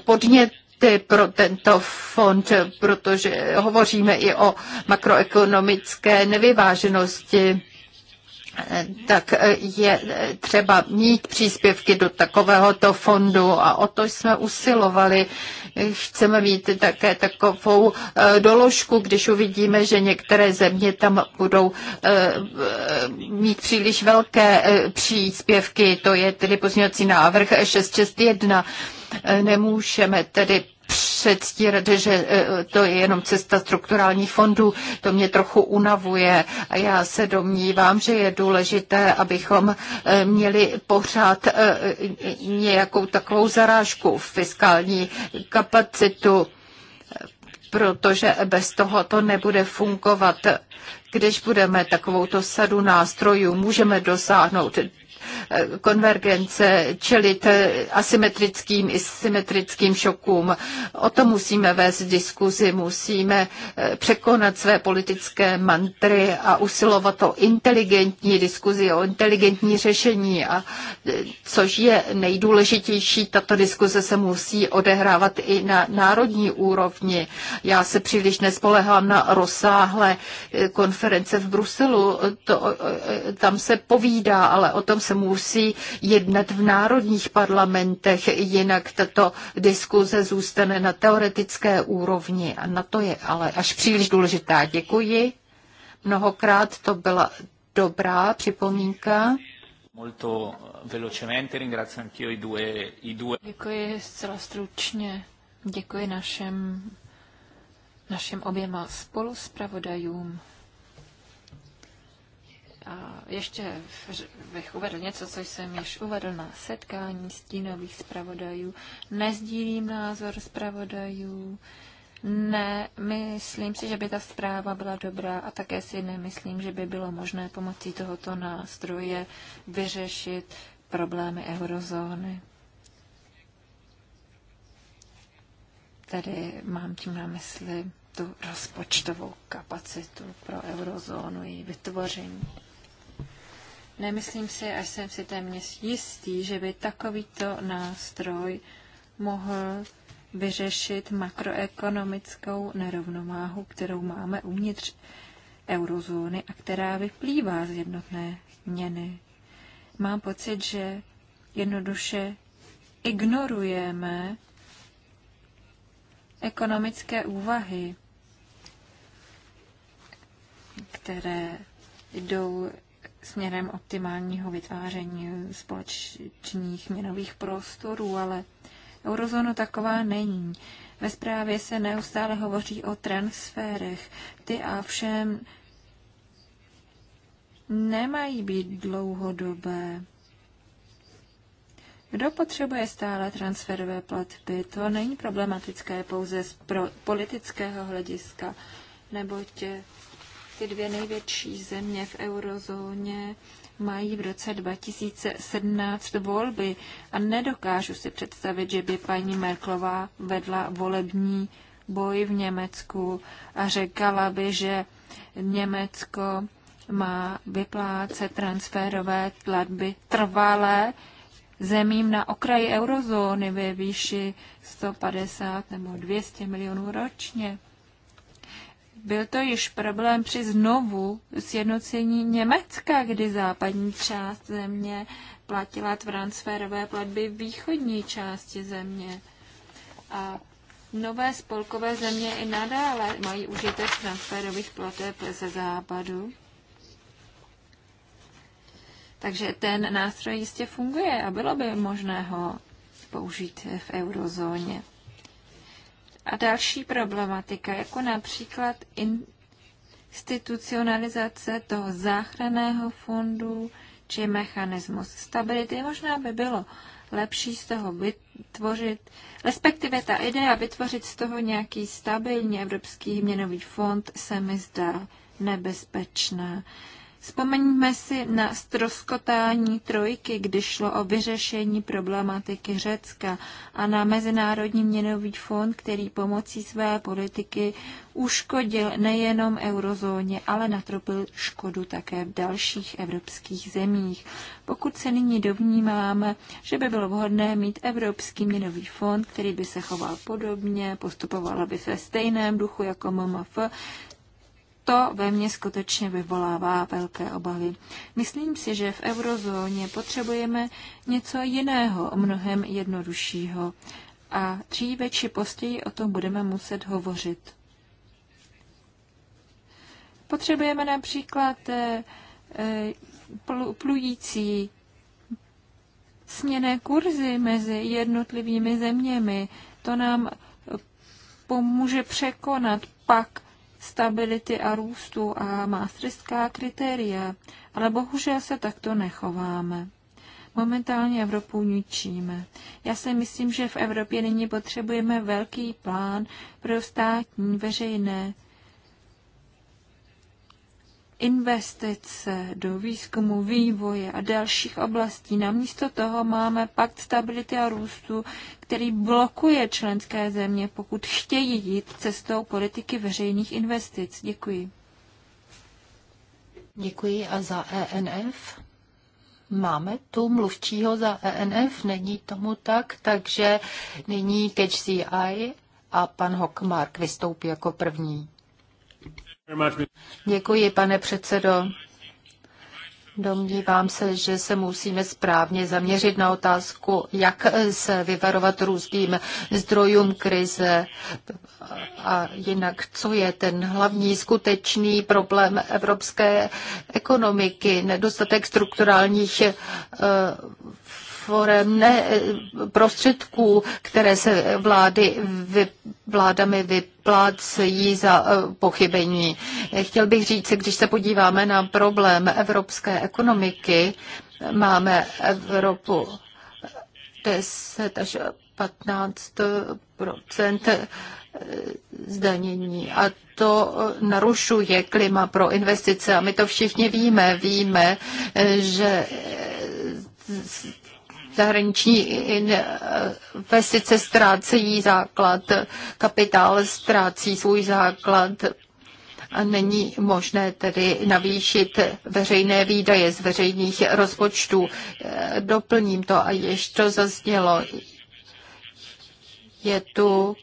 podnět ty pro tento fond, protože hovoříme i o makroekonomické nevyváženosti tak je třeba mít příspěvky do takovéhoto fondu a o to jsme usilovali. Chceme mít také takovou eh, doložku, když uvidíme, že některé země tam budou eh, mít příliš velké eh, příspěvky. To je tedy pozměňovací návrh 661 Nemůžeme tedy předstírat, že eh, to je jenom cesta strukturálních fondů. To mě trochu unavuje a já se domnívám, že je důležité, abychom eh, měli pořád eh, nějakou takovou zarážku v fiskální kapacitu protože bez toho to nebude fungovat. Když budeme takovouto sadu nástrojů, můžeme dosáhnout konvergence, čelit asymetrickým i symetrickým šokům. O tom musíme vést diskuzi, musíme eh, překonat své politické mantry a usilovat o inteligentní diskuzi, o inteligentní řešení. A eh, což je nejdůležitější, tato diskuze se musí odehrávat i na národní úrovni. Já se příliš nespolehám na rozsáhlé eh, konference v Bruselu, to, tam se povídá, ale o tom se se musí jednat v národních parlamentech, jinak tato diskuze zůstane na teoretické úrovni a na to je ale až příliš důležitá. Děkuji. Mnohokrát to byla dobrá připomínka.
Eh,
Děkuji zcela stručně. Děkuji našem, našim oběma spoluspravodajům ještě bych uvedl něco, co jsem již uvedl na setkání stínových zpravodajů. Nezdílím názor zpravodajů. Ne, myslím si, že by ta zpráva byla dobrá a také si nemyslím, že by bylo možné pomocí tohoto nástroje vyřešit problémy eurozóny. Tedy mám tím na mysli tu rozpočtovou kapacitu pro eurozónu, její vytvoření. Nemyslím si, až jsem si téměř jistý, že by takovýto nástroj mohl vyřešit makroekonomickou nerovnováhu, kterou máme uvnitř eurozóny a která vyplývá z jednotné měny. Mám pocit, že jednoduše ignorujeme ekonomické úvahy, které jdou směrem optimálního vytváření společných měnových prostorů, ale eurozóna taková není. Ve zprávě se neustále hovoří o transferech. Ty a všem nemají být dlouhodobé. Kdo potřebuje stále transferové platby? To není problematické pouze z pro politického hlediska, neboť ty dvě největší země v eurozóně mají v roce 2017 volby a nedokážu si představit, že by paní Merklová vedla volební boj v Německu a řekala by, že Německo má vyplácet transferové platby trvalé zemím na okraji eurozóny ve výši 150 nebo 200 milionů ročně. Byl to již problém při znovu sjednocení Německa, kdy západní část země platila transferové platby východní části země. A nové spolkové země i nadále mají užitek transferových plateb ze západu. Takže ten nástroj jistě funguje a bylo by možné ho použít v eurozóně a další problematika, jako například institucionalizace toho záchranného fondu či mechanismus stability. Možná by bylo lepší z toho vytvořit, respektive ta idea vytvořit z toho nějaký stabilní Evropský měnový fond se mi zdá nebezpečná. Vzpomeňme si na stroskotání trojky, kdy šlo o vyřešení problematiky Řecka a na Mezinárodní měnový fond, který pomocí své politiky uškodil nejenom eurozóně, ale natropil škodu také v dalších evropských zemích. Pokud se nyní dovnímáme, že by bylo vhodné mít Evropský měnový fond, který by se choval podobně, postupoval by ve stejném duchu jako MMF, to ve mně skutečně vyvolává velké obavy. Myslím si, že v eurozóně potřebujeme něco jiného, mnohem jednoduššího. A dříve či později o tom budeme muset hovořit. Potřebujeme například eh, eh, plující směné kurzy mezi jednotlivými zeměmi. To nám pomůže překonat pak stability a růstu a mástřická kritéria, ale bohužel se takto nechováme. Momentálně Evropu ničíme. Já si myslím, že v Evropě nyní potřebujeme velký plán pro státní veřejné investice do výzkumu, vývoje a dalších oblastí. Namísto toho máme pakt stability a růstu, který blokuje členské země, pokud chtějí jít cestou politiky veřejných
investic. Děkuji. Děkuji a za ENF. Máme tu mluvčího za ENF, není tomu tak, takže nyní Catch a pan Hockmark vystoupí jako první. Děkuji, pane předsedo. Domnívám se, že se musíme správně zaměřit na otázku, jak se vyvarovat různým zdrojům krize a jinak, co je ten hlavní skutečný problém evropské ekonomiky, nedostatek strukturálních eh, forem ne, prostředků, které se vlády vy, vládami vyplácejí za eh, pochybení. Chtěl bych říct, když se podíváme na problém evropské ekonomiky, máme Evropu 10 až 15 eh, zdanění a to narušuje klima pro investice a my to všichni víme. Víme, eh, že zahraniční investice ztrácejí základ, kapitál ztrácí svůj základ a není možné tedy navýšit veřejné výdaje z veřejných rozpočtů. Doplním to a ještě to zaznělo. Je tu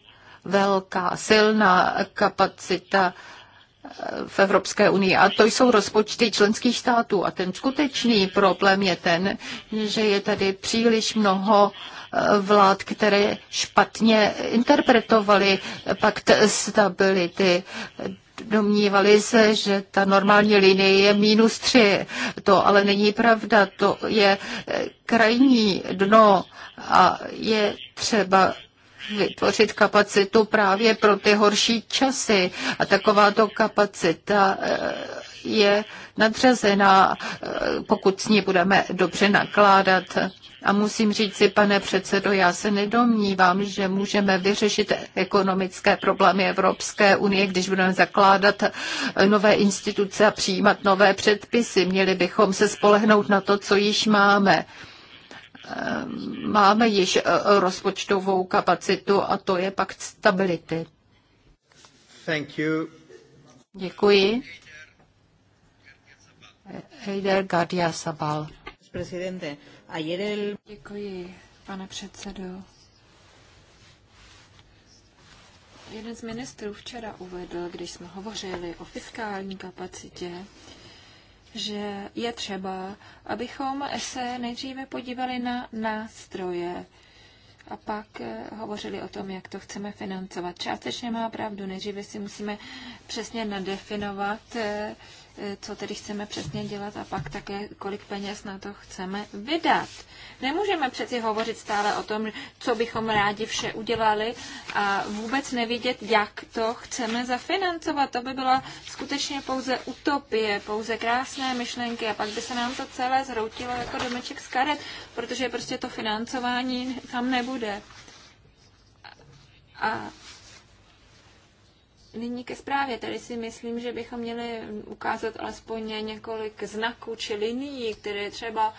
velká, silná kapacita v Evropské unii. A to jsou rozpočty členských států. A ten skutečný problém je ten, že je tady příliš mnoho eh, vlád, které špatně interpretovali pakt stability. Domnívali se, že ta normální linie je minus tři. To ale není pravda, to je eh, krajní dno a je třeba vytvořit kapacitu právě pro ty horší časy. A takováto kapacita eh, je nadřazená, eh, pokud s ní budeme dobře nakládat. A musím říct si, pane předsedo, já se nedomnívám, že můžeme vyřešit ekonomické problémy Evropské unie, když budeme zakládat eh, nové instituce a přijímat nové předpisy. Měli bychom se spolehnout na to, co již máme. Ehm, máme již e, rozpočtovou kapacitu a to je pak stability.
Thank you.
Děkuji. Heider Gardia Sabal.
Děkuji, pane předsedo. Jeden z ministrů včera uvedl, když jsme hovořili o fiskální kapacitě, že je třeba, abychom se nejdříve podívali na nástroje a pak eh, hovořili o tom, jak to chceme financovat. Částečně má pravdu, nejdříve si musíme přesně nadefinovat, eh, E, co tedy chceme přesně dělat a pak také, kolik peněz na to chceme vydat. Nemůžeme přeci hovořit stále o tom, co bychom rádi vše udělali a vůbec nevidět, jak to chceme zafinancovat. To by byla skutečně pouze utopie, pouze krásné myšlenky a pak by se nám to celé zhroutilo jako domeček z karet, protože prostě to financování tam nebude. A Nyní ke zprávě. Tady si myslím, že bychom měli ukázat alespoň několik znaků či linií, které třeba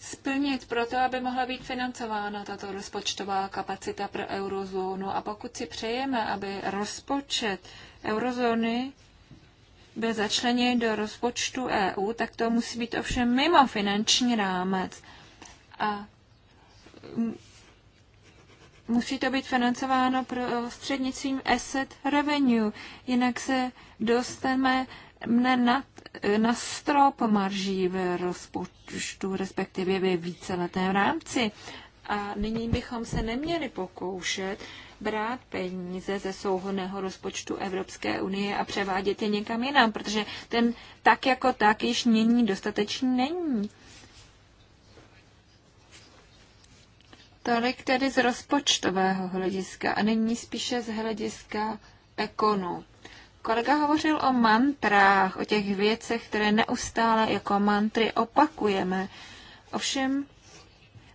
splnit pro to, aby mohla být financována tato rozpočtová kapacita pro eurozónu. A pokud si přejeme, aby rozpočet eurozóny byl začleněn do rozpočtu EU, tak to musí být ovšem mimo finanční rámec. A musí to být financováno prostřednictvím eh, asset revenue, jinak se dostaneme mne na, eh, na strop marží v rozpočtu, respektive ve víceletém rámci. A nyní bychom se neměli pokoušet brát peníze ze souhodného rozpočtu Evropské unie a převádět je někam jinam, protože ten tak jako tak již nyní dostatečný není. Tolik tedy z rozpočtového hlediska a nyní spíše z hlediska ekonu. Kolega hovořil o mantrách, o těch věcech, které neustále jako mantry opakujeme. Ovšem,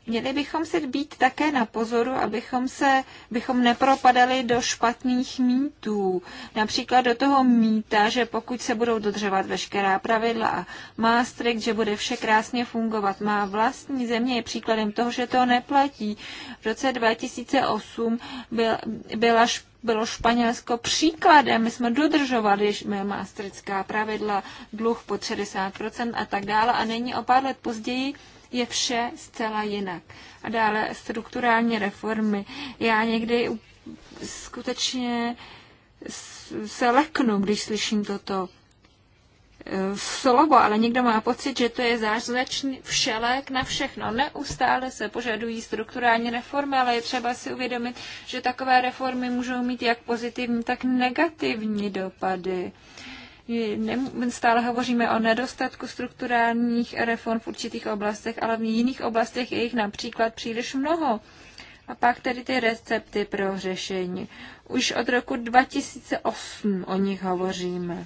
Měli bychom se být také na pozoru, abychom se, bychom nepropadali do špatných mýtů. Například do toho mýta, že pokud se budou dodržovat veškerá pravidla a Maastricht, že bude vše krásně fungovat. Má vlastní země je příkladem toho, že to neplatí. V roce 2008 byl, byla špatná bylo Španělsko příkladem. My jsme dodržovali maastrická pravidla, dluh pod 60% a tak dále. A není o pár let později je vše zcela jinak. A dále strukturální reformy. Já někdy skutečně se leknu, když slyším toto eh, slovo, ale někdo má pocit, že to je zázračný všelek na všechno. Neustále se požadují strukturální reformy, ale je třeba si uvědomit, že takové reformy můžou mít jak pozitivní, tak negativní dopady. Stále hovoříme o nedostatku strukturálních reform v určitých oblastech, ale v jiných oblastech je jich například příliš mnoho. A pak tedy ty recepty pro řešení. Už od roku 2008 o nich hovoříme.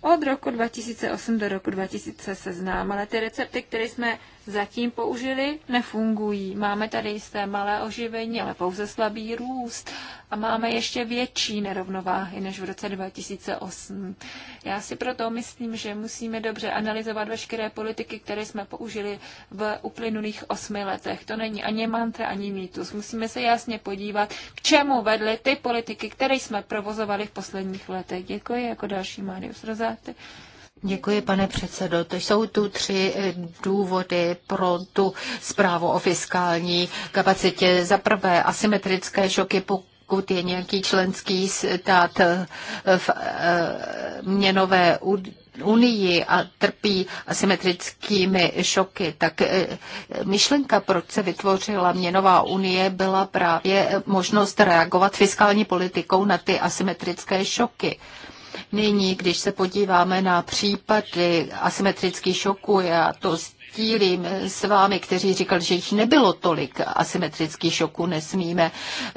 Od roku 2008 do roku 2000 se znám, ale ty recepty, které jsme zatím použili, nefungují. Máme tady jisté malé oživení, ale pouze slabý růst a máme ještě větší nerovnováhy než v roce 2008. Já si proto myslím, že musíme dobře analyzovat veškeré politiky, které jsme použili v uplynulých osmi letech. To není ani mantra, ani mýtus. Musíme se jasně podívat, k čemu vedly ty politiky, které jsme provozovali v posledních letech. Děkuji. Jako další Marius Rozáty.
Děkuji, pane předsedo. To jsou tu tři eh, důvody pro tu zprávu o fiskální kapacitě. Za prvé, asymetrické šoky, pokud pokud je nějaký členský stát v eh, měnové unii a trpí asymetrickými šoky, tak eh, myšlenka, proč se vytvořila měnová unie, byla právě možnost reagovat fiskální politikou na ty asymetrické šoky. Nyní, když se podíváme na případy asymetrických šoků, já to sdílím s vámi, kteří říkali, že jich nebylo tolik asymetrických šoků, nesmíme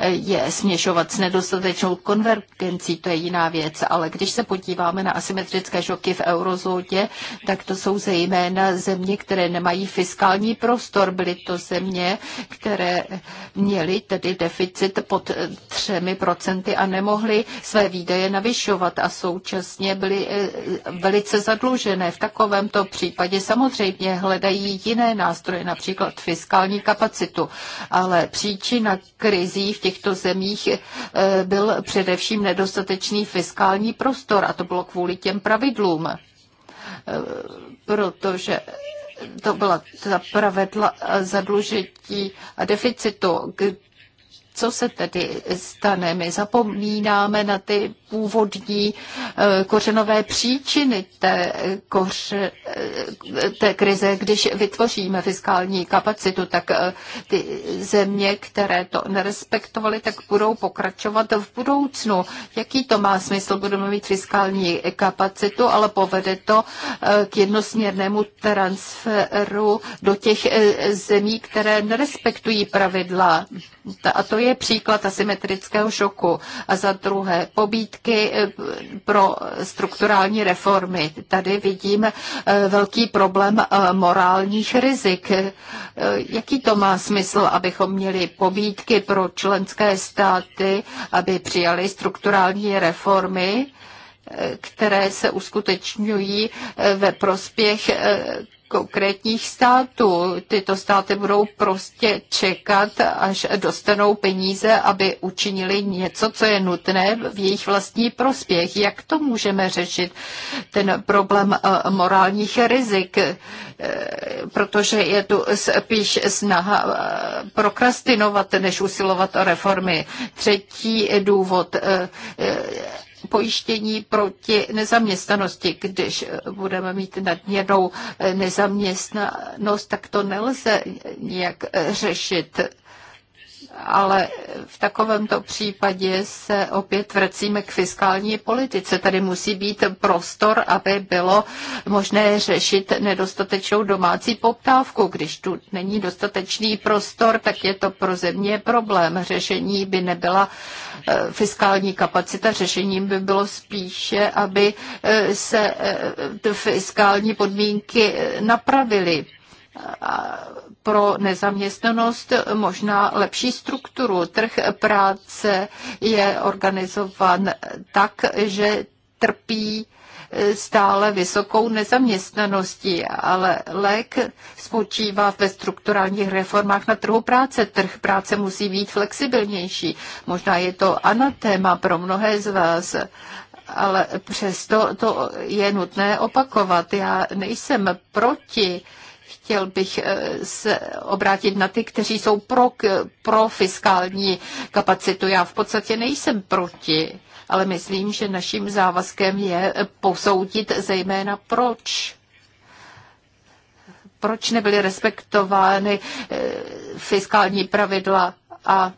je směšovat s nedostatečnou konvergencí, to je jiná věc, ale když se podíváme na asymetrické šoky v eurozóně, tak to jsou zejména země, které nemají fiskální prostor, byly to země, které měly tedy deficit pod třemi procenty a nemohly své výdaje navyšovat a současně byly eh, velice zadlužené. V takovémto případě samozřejmě hledat hledají jiné nástroje, například fiskální kapacitu. Ale příčina krizí v těchto zemích eh, byl především nedostatečný fiskální prostor a to bylo kvůli těm pravidlům. Eh, protože to byla ta pravidla zadlužití a deficitu, co se tedy stane? My zapomínáme na ty původní eh, kořenové příčiny té, koře, eh, té krize. Když vytvoříme fiskální kapacitu, tak eh, ty země, které to nerespektovaly, tak budou pokračovat v budoucnu. Jaký to má smysl? Budeme mít fiskální kapacitu, ale povede to k jednosměrnému transferu do těch zemí, které nerespektují pravidla. A to je příklad asymetrického šoku. A za druhé, pobídky prostředky eh, pro strukturální reformy. Tady vidím eh, velký problém eh, morálních rizik. Jaký to má smysl, abychom měli pobídky pro členské státy, aby přijali strukturální reformy, které se uskutečňují ve prospěch konkrétních států. Tyto státy budou prostě čekat, až dostanou peníze, aby učinili něco, co je nutné v jejich vlastní prospěch. Jak to můžeme řešit, ten problém eh, morálních rizik? Eh, protože je tu spíš snaha eh, prokrastinovat, než usilovat o reformy. Třetí důvod pojištění proti nezaměstnanosti. Když budeme mít nadměrnou nezaměstnanost, tak to nelze nějak řešit ale v takovémto případě se opět vracíme k fiskální politice. Tady musí být prostor, aby bylo možné řešit nedostatečnou domácí poptávku. Když tu není dostatečný prostor, tak je to pro země problém. Řešení by nebyla eh, fiskální kapacita, řešením by bylo spíše, aby eh, se eh, fiskální podmínky napravily pro nezaměstnanost možná lepší strukturu. Trh práce je organizovan tak, že trpí stále vysokou nezaměstnaností, ale lék spočívá ve strukturálních reformách na trhu práce. Trh práce musí být flexibilnější. Možná je to anatéma pro mnohé z vás, ale přesto to je nutné opakovat. Já nejsem proti uh, Chtěl bych eh, se obrátit na ty, kteří jsou pro, pro fiskální kapacitu. Já v podstatě nejsem proti, ale myslím, že naším závazkem je posoudit zejména proč proč nebyly respektovány eh, fiskální pravidla a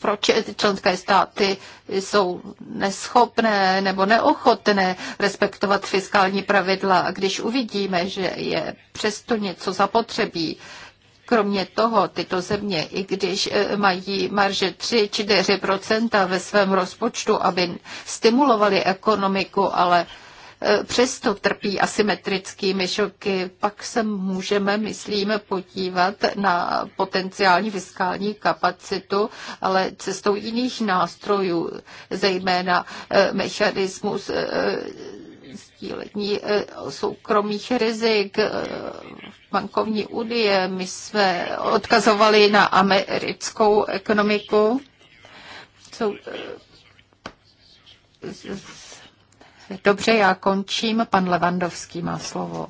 proč členské státy jsou neschopné nebo neochotné respektovat fiskální pravidla, když uvidíme, že je přesto něco zapotřebí. Kromě toho tyto země, i když e, mají marže 3-4 ve svém rozpočtu, aby stimulovali ekonomiku, ale E, přesto trpí asymetrickými šoky. Pak se můžeme, myslím, podívat na potenciální fiskální kapacitu, ale cestou jiných nástrojů, zejména e, mechanismus e, sdílení soukromých rizik bankovní unie. My jsme odkazovali na americkou ekonomiku. Jsou, Dobře, já končím. Pan Levandovský má slovo.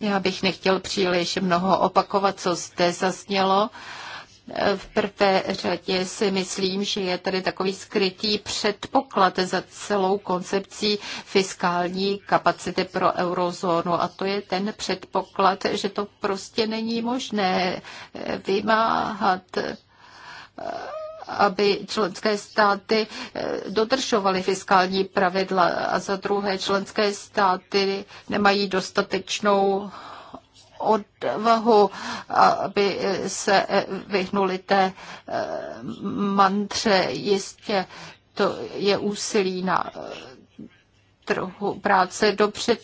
Já bych nechtěl příliš mnoho opakovat, co zde zaznělo. V prvé řadě si myslím, že je tady takový skrytý předpoklad za celou koncepcí fiskální kapacity pro eurozónu a to je ten předpoklad, že to prostě není možné vymáhat aby členské státy eh, dodržovaly fiskální pravidla a za druhé členské státy nemají dostatečnou odvahu, aby eh, se eh, vyhnuli té mantře. Jistě to je úsilí na trhu práce dobře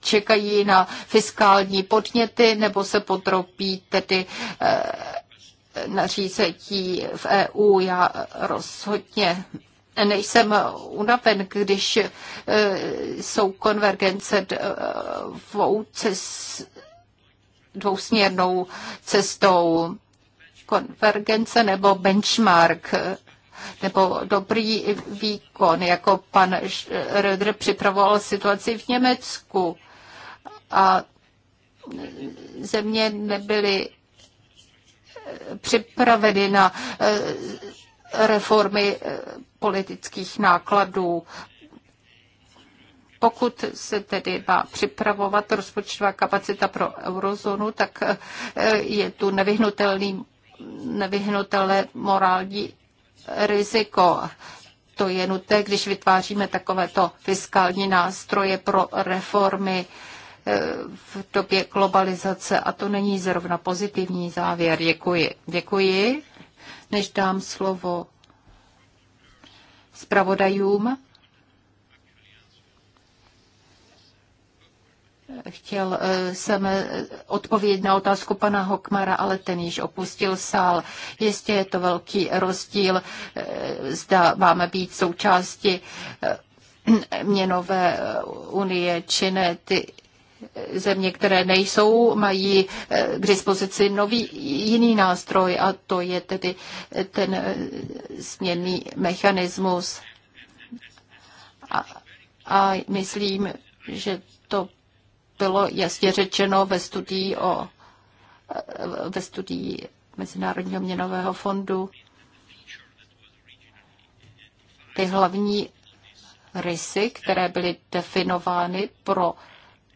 čekají na fiskální podněty nebo se potropí tedy nařízení v EU. Já rozhodně nejsem unaven, když e, jsou konvergence dvou cest, dvousměrnou cestou konvergence nebo benchmark e, nebo dobrý výkon, jako pan Röder připravoval situaci v Německu. A země nebyly připraveny na eh, reformy eh, politických nákladů. Pokud se tedy má připravovat rozpočtová kapacita pro eurozónu, tak eh, je tu nevyhnutelný, nevyhnutelné morální riziko. To je nutné, když vytváříme takovéto fiskální nástroje pro reformy v době globalizace a to není zrovna pozitivní závěr. Děkuji. Děkuji, než dám slovo zpravodajům. Chtěl eh, jsem eh, odpovědět na otázku pana Hokmara, ale ten již opustil sál. Jistě je to velký rozdíl, eh, zda máme být součásti měnové unie či ne. Ty země, které nejsou, mají eh, k dispozici nový jiný nástroj a to je tedy eh, ten eh, směrný mechanismus. A, a myslím, že to bylo jasně řečeno ve studii o ve studii Mezinárodního měnového fondu. Ty hlavní rysy, které byly definovány pro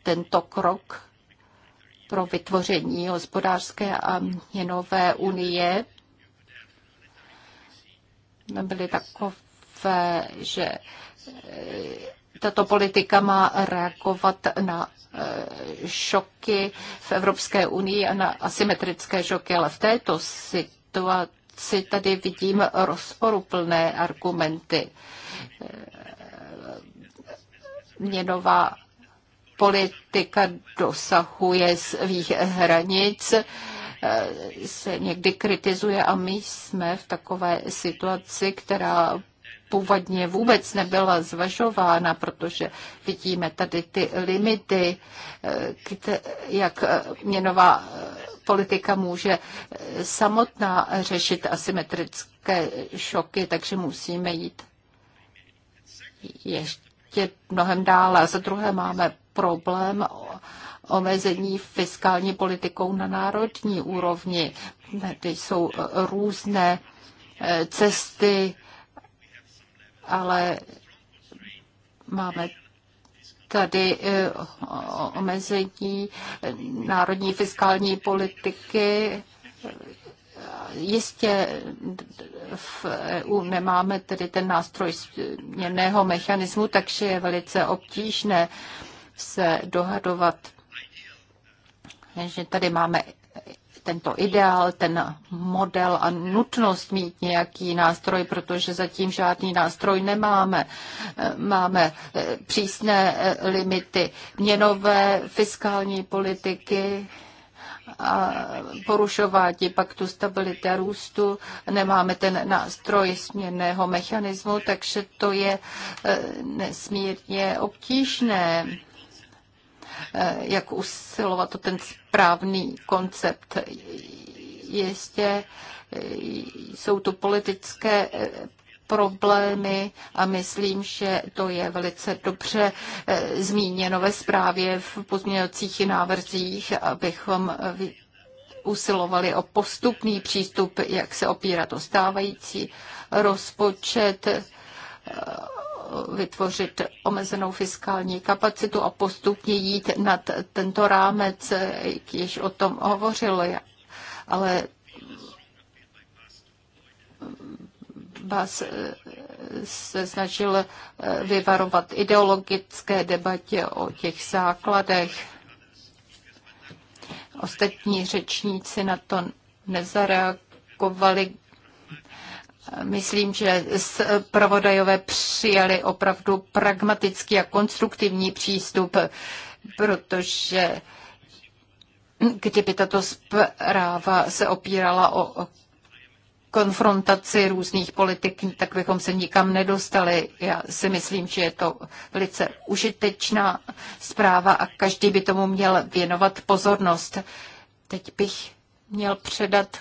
tento krok pro vytvoření hospodářské a měnové unie byly takové, že eh, tato politika má reagovat na eh, šoky v Evropské unii a na asymetrické šoky, ale v této situaci tady vidím rozporuplné argumenty. Eh, měnová politika dosahuje svých hranic, eh, se někdy kritizuje a my jsme v takové situaci, která původně vůbec nebyla zvažována, protože vidíme tady ty limity, eh, kde, jak eh, měnová politika může samotná řešit asymetrické šoky, takže musíme jít ještě mnohem dále. A za druhé máme problém omezení fiskální politikou na národní úrovni. Tady jsou různé eh, cesty, ale máme tady eh, omezení národní fiskální politiky. Jistě v EU nemáme tedy ten nástroj směrného mechanismu, takže je velice obtížné se dohadovat, že tady máme tento ideál, ten model a nutnost mít nějaký nástroj, protože zatím žádný nástroj nemáme. Máme eh, přísné eh, limity měnové, fiskální politiky, a porušování paktu stability a růstu. Nemáme ten nástroj směrného mechanismu, takže to je eh, nesmírně obtížné Eh, jak usilovat o ten správný koncept. Jistě eh, jsou tu politické eh, problémy a myslím, že to je velice dobře zmíněno ve zprávě v pozměňovacích návrzích, abychom usilovali o postupný přístup, jak se opírat o stávající rozpočet vytvořit omezenou fiskální kapacitu a postupně jít nad tento rámec, když o tom hovořil, ale vás se snažil vyvarovat ideologické debatě o těch základech. Ostatní řečníci na to nezareagovali, Myslím, že provodajové přijali opravdu pragmatický a konstruktivní přístup, protože kdyby tato zpráva se opírala o konfrontaci různých politik, tak bychom se nikam nedostali. Já si myslím, že je to velice užitečná zpráva a každý by tomu měl věnovat pozornost. Teď bych měl předat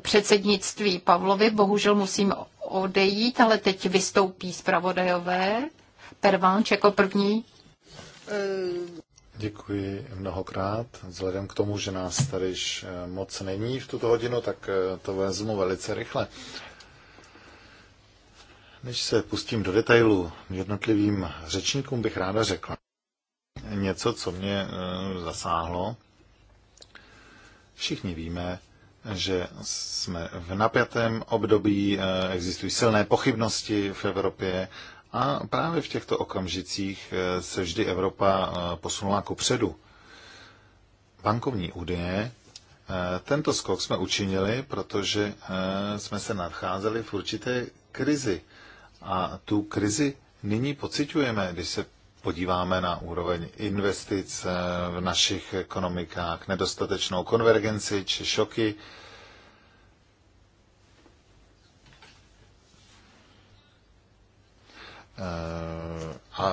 předsednictví Pavlovi. Bohužel musím odejít, ale teď vystoupí zpravodajové. Pervánč jako první.
Děkuji mnohokrát. Vzhledem k tomu, že nás tady eh, moc není v tuto hodinu, tak eh, to vezmu velice rychle. Než se pustím do detailů, jednotlivým řečníkům bych ráda řekla něco, co mě eh, zasáhlo. Všichni víme, že jsme v napjatém období, eh, existují silné pochybnosti v Evropě a právě v těchto okamžicích eh, se vždy Evropa eh, posunula ku předu. Bankovní unie, tento skok jsme učinili, protože jsme se nadcházeli v určité krizi. A tu krizi nyní pocitujeme, když se podíváme na úroveň investic v našich ekonomikách, nedostatečnou konvergenci či šoky, eh, a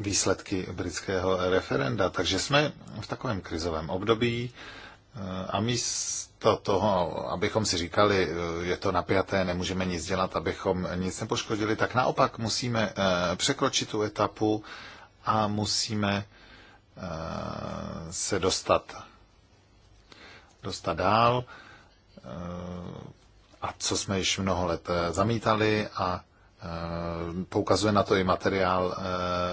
výsledky britského referenda. Takže jsme v takovém krizovém období eh, a místo toho, abychom si říkali, eh, je to napjaté, nemůžeme nic dělat, abychom nic nepoškodili, tak naopak musíme překročit tu etapu, a musíme eh, se dostat, dostat dál eh, a co jsme již mnoho let eh, zamítali a poukazuje na to i materiál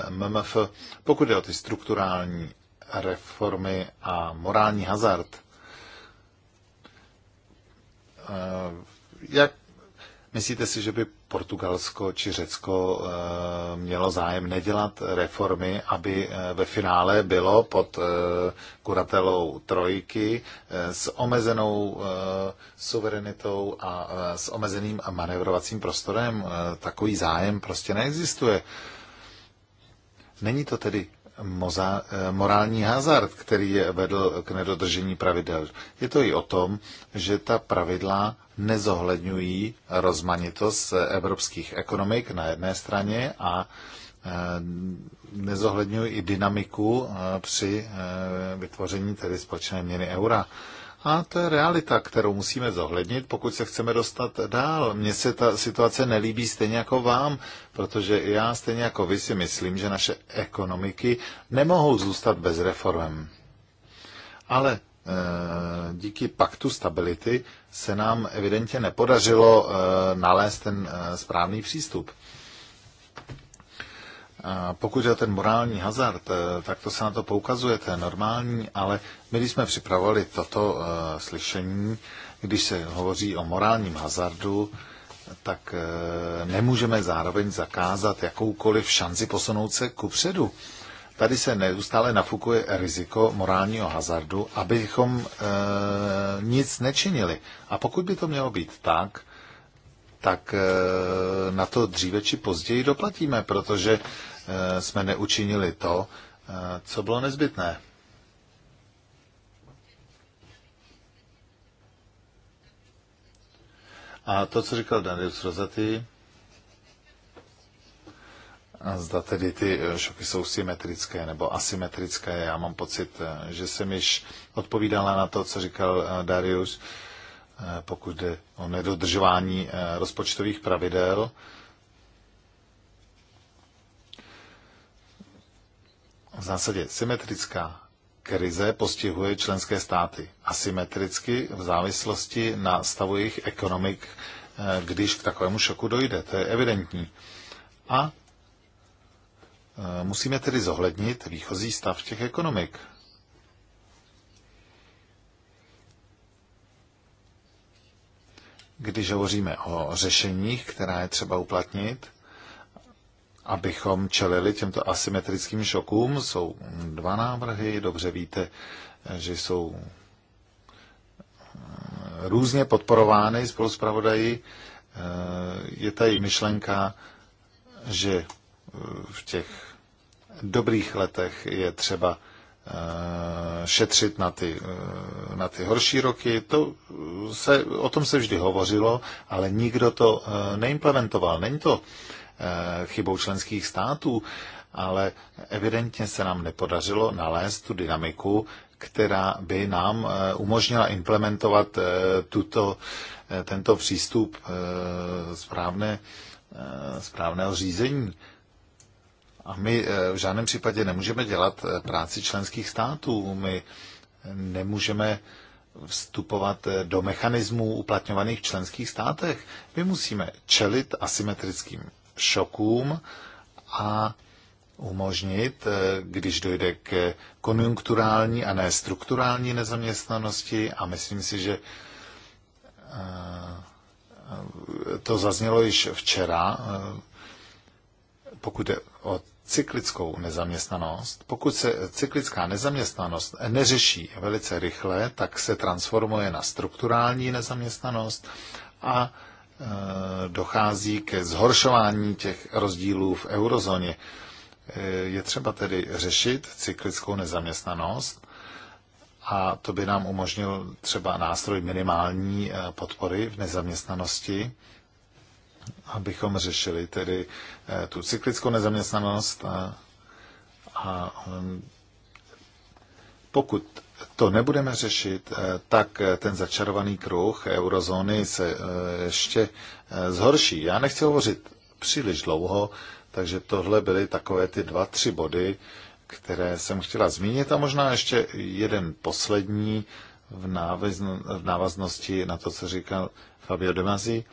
MMF. Pokud je o ty strukturální reformy a morální hazard, jak myslíte si, že by Portugalsko či Řecko eh, mělo zájem nedělat reformy, aby eh, ve finále bylo pod eh, kuratelou trojky s omezenou suverenitou a s omezeným manevrovacím prostorem. Takový zájem prostě neexistuje. Není to tedy moza, morální hazard, který je vedl k nedodržení pravidel. Je to i o tom, že ta pravidla nezohledňují rozmanitost evropských ekonomik na jedné straně a e, nezohledňují i dynamiku e, při e, vytvoření tedy společné měny eura. A to je realita, kterou musíme zohlednit, pokud se chceme dostat dál. Mně se ta situace nelíbí stejně jako vám, protože já stejně jako vy si myslím, že naše ekonomiky nemohou zůstat bez reform. Ale Eh, díky paktu stability se nám evidentně nepodařilo eh, nalézt ten eh, správný přístup. Pokud je ten morální hazard, tak to se na to poukazuje, to je normální, ale my, když jsme připravovali toto slyšení, když se hovoří o morálním hazardu, tak nemůžeme zároveň zakázat jakoukoliv šanci posunout se ku předu tady se neustále nafukuje riziko morálního hazardu, abychom e, nic nečinili. A pokud by to mělo být tak, tak e, na to dříve či později doplatíme, protože e, jsme neučinili to, e, co bylo nezbytné. A to, co říkal Daniel Srozaty, Zda tedy ty eh, šoky jsou symetrické nebo asymetrické. Já mám pocit, eh, že jsem již odpovídala na to, co říkal eh, Darius, pokud jde o nedodržování rozpočtových pravidel. V zásadě symetrická krize postihuje členské státy asymetricky v závislosti na stavu jejich ekonomik, když k takovému šoku dojde. To je evidentní. A Eh, musíme tedy zohlednit výchozí stav těch ekonomik. Když hovoříme o řešeních, která je třeba uplatnit, abychom čelili těmto asymetrickým šokům, jsou dva návrhy. Dobře víte, že jsou eh, různě podporovány spolu s eh, Je tady myšlenka, že v těch dobrých letech je třeba eh, šetřit na ty, eh, na ty horší roky. To se, o tom se vždy hovořilo, ale nikdo to eh, neimplementoval. Není to chybou členských států, ale evidentně se nám nepodařilo nalézt tu dynamiku, která by nám umožnila implementovat tuto, tento přístup správné, správného řízení. A my eh, v žádném případě nemůžeme dělat eh, práci členských států. My nemůžeme vstupovat eh, do mechanismů uplatňovaných v členských státech. My musíme čelit asymetrickým šokům a umožnit, když dojde k konjunkturální a ne strukturální nezaměstnanosti a myslím si, že to zaznělo již včera, pokud je o cyklickou nezaměstnanost. Pokud se cyklická nezaměstnanost neřeší velice rychle, tak se transformuje na strukturální nezaměstnanost a e, dochází ke zhoršování těch rozdílů v eurozóně. E, je třeba tedy řešit cyklickou nezaměstnanost a to by nám umožnil třeba nástroj minimální e, podpory v nezaměstnanosti abychom řešili tedy eh, tu cyklickou nezaměstnanost a, a eh, pokud to nebudeme řešit, eh, tak ten začarovaný kruh eurozóny se ještě zhorší. Já nechci hovořit příliš dlouho, takže tohle byly takové ty dva, tři body, které jsem chtěla zmínit a možná ještě jeden poslední v návaznosti na to, co říkal Fabio Demasi.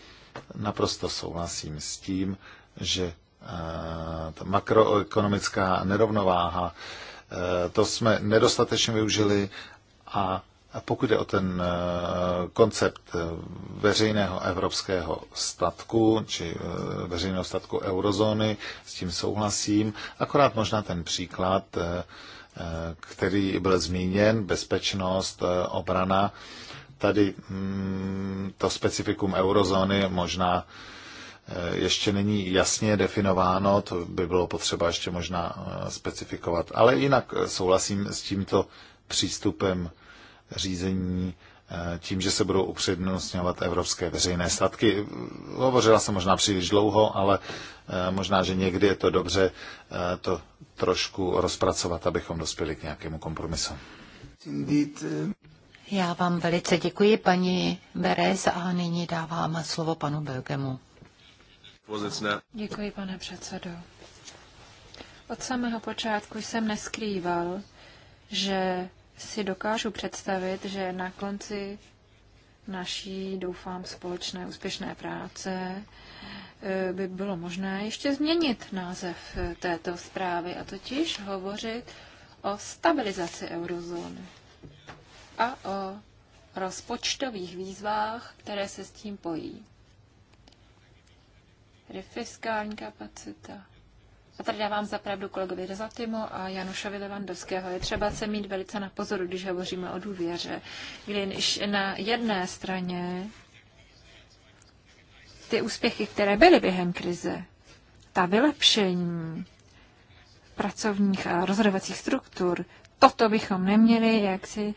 Naprosto souhlasím s tím, že eh, ta makroekonomická nerovnováha, eh, to jsme nedostatečně využili a pokud je o ten eh, koncept veřejného evropského statku, či veřejného statku eurozóny, s tím souhlasím, akorát možná ten příklad, který byl zmíněn, bezpečnost, obrana, tady mm, to specifikum eurozóny možná eh, ještě není jasně definováno, to by bylo potřeba ještě možná eh, specifikovat. Ale jinak eh, souhlasím s tímto přístupem řízení tím, že se budou upřednostňovat evropské veřejné statky. Hovořila jsem možná příliš dlouho, ale možná, že někdy je to dobře to trošku rozpracovat, abychom dospěli k nějakému kompromisu.
Já vám velice děkuji, paní Berez, a nyní dávám slovo panu Belgemu.
Děkuji,
pane předsedo. Od samého počátku jsem neskrýval, že si dokážu představit, že na konci naší, doufám, společné úspěšné práce eh, by bylo možné ještě změnit název eh, této zprávy a totiž hovořit o stabilizaci eurozóny a o rozpočtových výzvách, které se s tím pojí. Tedy fiskální kapacita. A tady dávám zapravdu kolegovi Rezatimu a Janušovi Levandovského. Je třeba se mít velice na pozoru, když hovoříme o důvěře. Když na jedné straně ty úspěchy, které byly během krize, ta vylepšení, pracovních a rozhodovacích struktur. Toto bychom neměli jaksi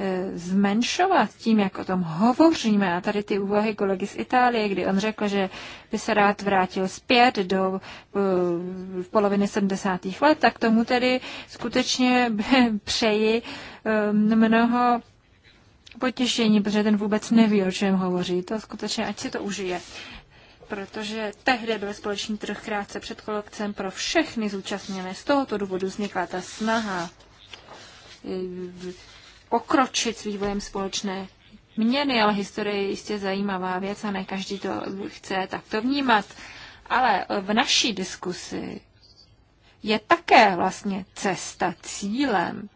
e, zmenšovat tím, jak o tom hovoříme. A tady ty úvahy kolegy z Itálie, kdy on řekl, že by se rád vrátil zpět do e, v poloviny 70. let, tak tomu tedy skutečně přeji e, mnoho potěšení, protože ten vůbec neví, o čem hovoří. To skutečně, ať si to užije protože tehdy byl společný trh krátce před kolokcem pro všechny zúčastněné. Z tohoto důvodu vznikla ta snaha eh, pokročit s vývojem společné měny, ale historie je jistě zajímavá věc a ne každý to chce takto vnímat. Ale v naší diskusi je také vlastně cesta cílem.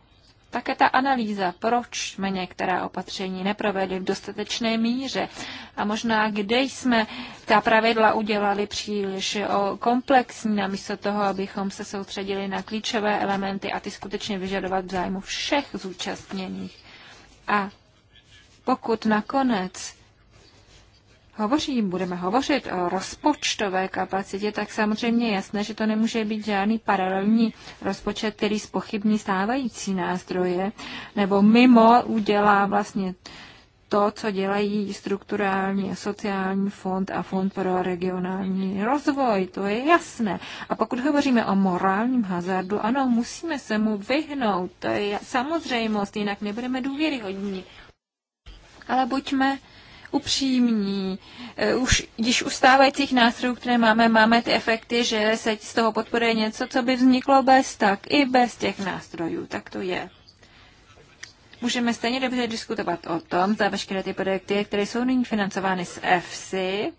Také ta analýza, proč jsme některá opatření neprovedli v dostatečné míře a možná kde jsme ta pravidla udělali příliš eh, o komplexní, namísto toho, abychom se soustředili na klíčové elementy a ty skutečně vyžadovat v zájmu všech zúčastněných. A pokud nakonec hovořím, budeme hovořit o rozpočtové kapacitě, tak samozřejmě je jasné, že to nemůže být žádný paralelní rozpočet, který spochybní stávající nástroje, nebo mimo udělá vlastně to, co dělají strukturální a sociální fond a fond pro regionální rozvoj, to je jasné. A pokud hovoříme o morálním hazardu, ano, musíme se mu vyhnout, to je samozřejmost, jinak nebudeme důvěryhodní. Ale buďme upřímní. Eh, už, když u stávajících nástrojů, které máme, máme ty efekty, že se z toho podporuje něco, co by vzniklo bez tak, i bez těch nástrojů. Tak to je. Můžeme stejně dobře diskutovat o tom, zda veškeré ty projekty, které jsou nyní financovány z EFSI,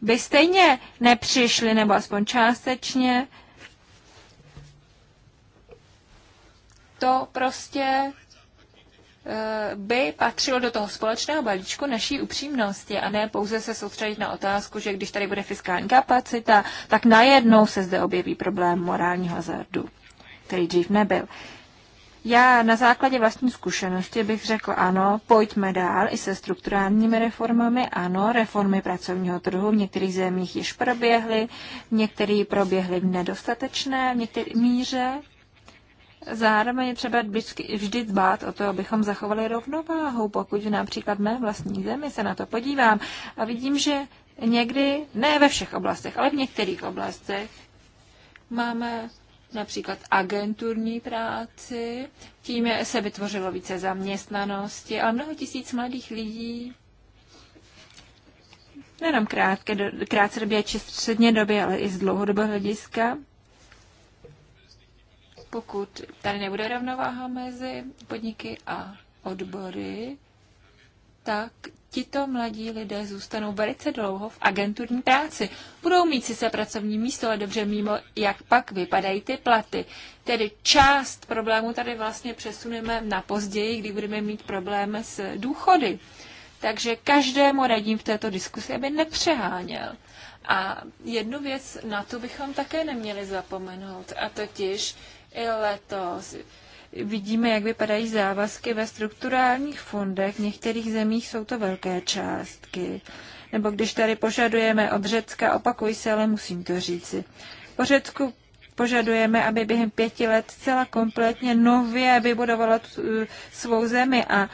by stejně nepřišly, nebo aspoň částečně, to prostě Eh, by patřilo do toho společného balíčku naší upřímnosti a ne pouze se soustředit na otázku, že když tady bude fiskální kapacita, tak najednou se zde objeví problém morálního hazardu, který dřív nebyl. Já na základě vlastní zkušenosti bych řekl ano, pojďme dál i se strukturálními reformami, ano, reformy pracovního trhu v některých zemích již proběhly, některé proběhly v nedostatečné v některé míře, Zároveň je třeba vždy dbát o to, abychom zachovali rovnováhu. Pokud například mé vlastní zemi se na to podívám a vidím, že někdy, ne ve všech oblastech, ale v některých oblastech, máme například agenturní práci, tím se vytvořilo více zaměstnanosti a mnoho tisíc mladých lidí nejenom krátké, krátce době či středně době, ale i z dlouhodobého hlediska pokud tady nebude rovnováha mezi podniky a odbory, tak tito mladí lidé zůstanou velice dlouho v agenturní práci. Budou mít sice pracovní místo, ale dobře mimo, jak pak vypadají ty platy. Tedy část problému tady vlastně přesuneme na později, kdy budeme mít problém s důchody. Takže každému radím v této diskusi, aby nepřeháněl. A jednu věc, na to bychom také neměli zapomenout, a totiž, i letos. Vidíme, jak vypadají závazky ve strukturálních fondech. V některých zemích jsou to velké částky. Nebo když tady požadujeme od Řecka, opakuj se, ale musím to říci. Po Řecku požadujeme, aby během pěti let celá kompletně nově vybudovala eh, svou zemi a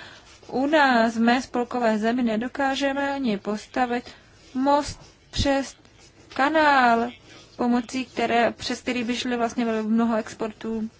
u nás v mé spolkové zemi nedokážeme ani postavit most přes kanál pomocí které, přes který by šly vlastně mnoho exportů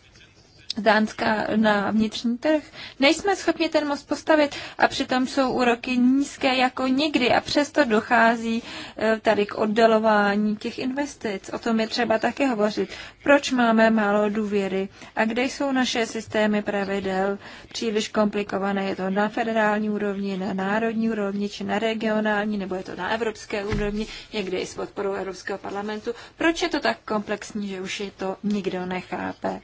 Dánska na vnitřní trh. Nejsme schopni ten most postavit a přitom jsou úroky nízké jako nikdy a přesto dochází e, tady k oddalování těch investic. O tom je třeba také hovořit. Proč máme málo důvěry a kde jsou naše systémy pravidel příliš komplikované? Je to na federální úrovni, na národní úrovni či na regionální, nebo je to na evropské úrovni, někde i s podporou Evropského parlamentu. Proč je to tak komplexní, že už je to nikdo nechápe?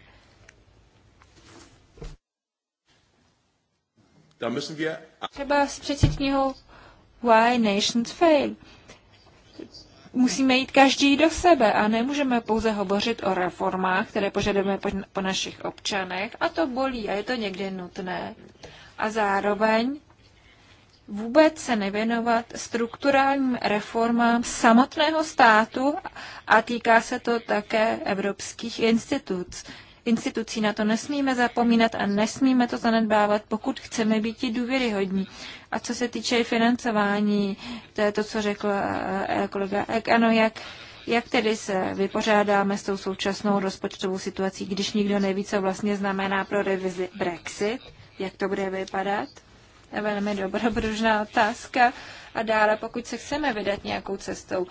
Da müssen wir... Třeba Why Nations Fail. Musíme jít každý do sebe a nemůžeme pouze hovořit o reformách, které požadujeme po našich občanech a to bolí a je to někdy nutné. A zároveň vůbec se nevěnovat strukturálním reformám samotného státu a týká se to také evropských institucí institucí. Na to nesmíme zapomínat a nesmíme to zanedbávat, pokud chceme být i důvěryhodní. A co se týče financování, to je to, co řekl eh, eh, kolega Ek, ano, jak jak tedy se vypořádáme s tou současnou rozpočtovou situací, když nikdo neví, co vlastně znamená pro revizi Brexit? Jak to bude vypadat? To je velmi dobrodružná otázka. A dále, pokud se chceme vydat nějakou cestou,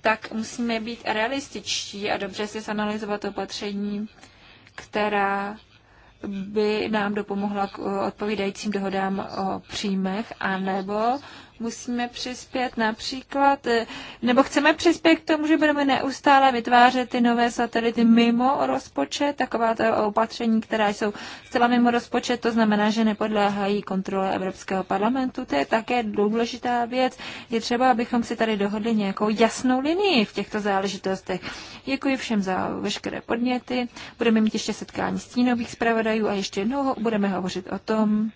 tak musíme být realističtí a dobře si zanalizovat opatření, která by nám dopomohla k odpovídajícím dohodám o příjmech, anebo musíme přispět například, eh, nebo chceme přispět k tomu, že budeme neustále vytvářet ty nové satelity mimo rozpočet, taková to opatření, která jsou zcela mimo rozpočet, to znamená, že nepodléhají kontrole Evropského parlamentu. To je také důležitá věc. Je třeba, abychom si tady dohodli nějakou jasnou linii v těchto záležitostech. Děkuji všem za veškeré podněty. Budeme mít ještě setkání stínových zpravodajů a ještě jednou budeme hovořit o tom,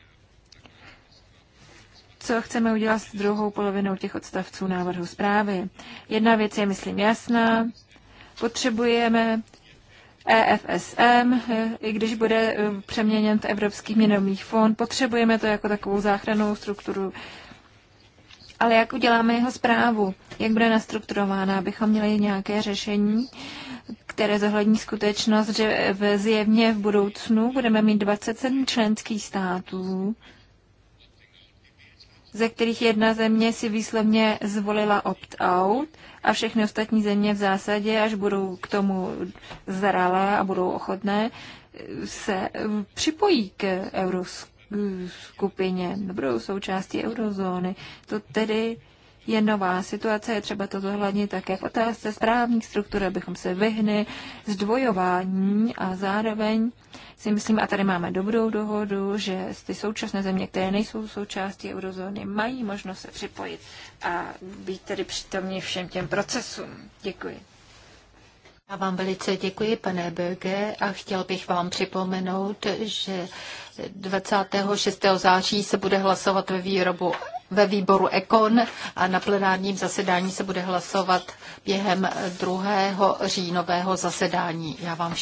co chceme udělat s druhou polovinou těch odstavců návrhu zprávy. Jedna věc je, myslím, jasná. Potřebujeme EFSM, i když bude e, přeměněn v Evropský měnový fond, potřebujeme to jako takovou záchranou strukturu. Ale jak uděláme jeho zprávu? Jak bude nastrukturována, abychom měli nějaké řešení, které zohlední skutečnost, že v zjevně v budoucnu budeme mít 27 členských států, ze kterých jedna země si výslovně zvolila opt-out a všechny ostatní země v zásadě, až budou k tomu zralé a budou ochotné, se eh, připojí k euroskupině, budou součástí eurozóny. To tedy je nová situace, je třeba to zohlednit také v otázce správních struktur, abychom se vyhny zdvojování a zároveň si myslím, a tady máme dobrou dohodu, že ty současné země, které nejsou součástí eurozóny, mají možnost se připojit a být tedy přítomní všem těm procesům. Děkuji.
Já vám velice děkuji, pane Böge, a chtěl bych vám připomenout, že 26. září se bude hlasovat ve výrobu ve výboru Ekon a na plenárním zasedání se bude hlasovat během druhého říjnového zasedání. Já vám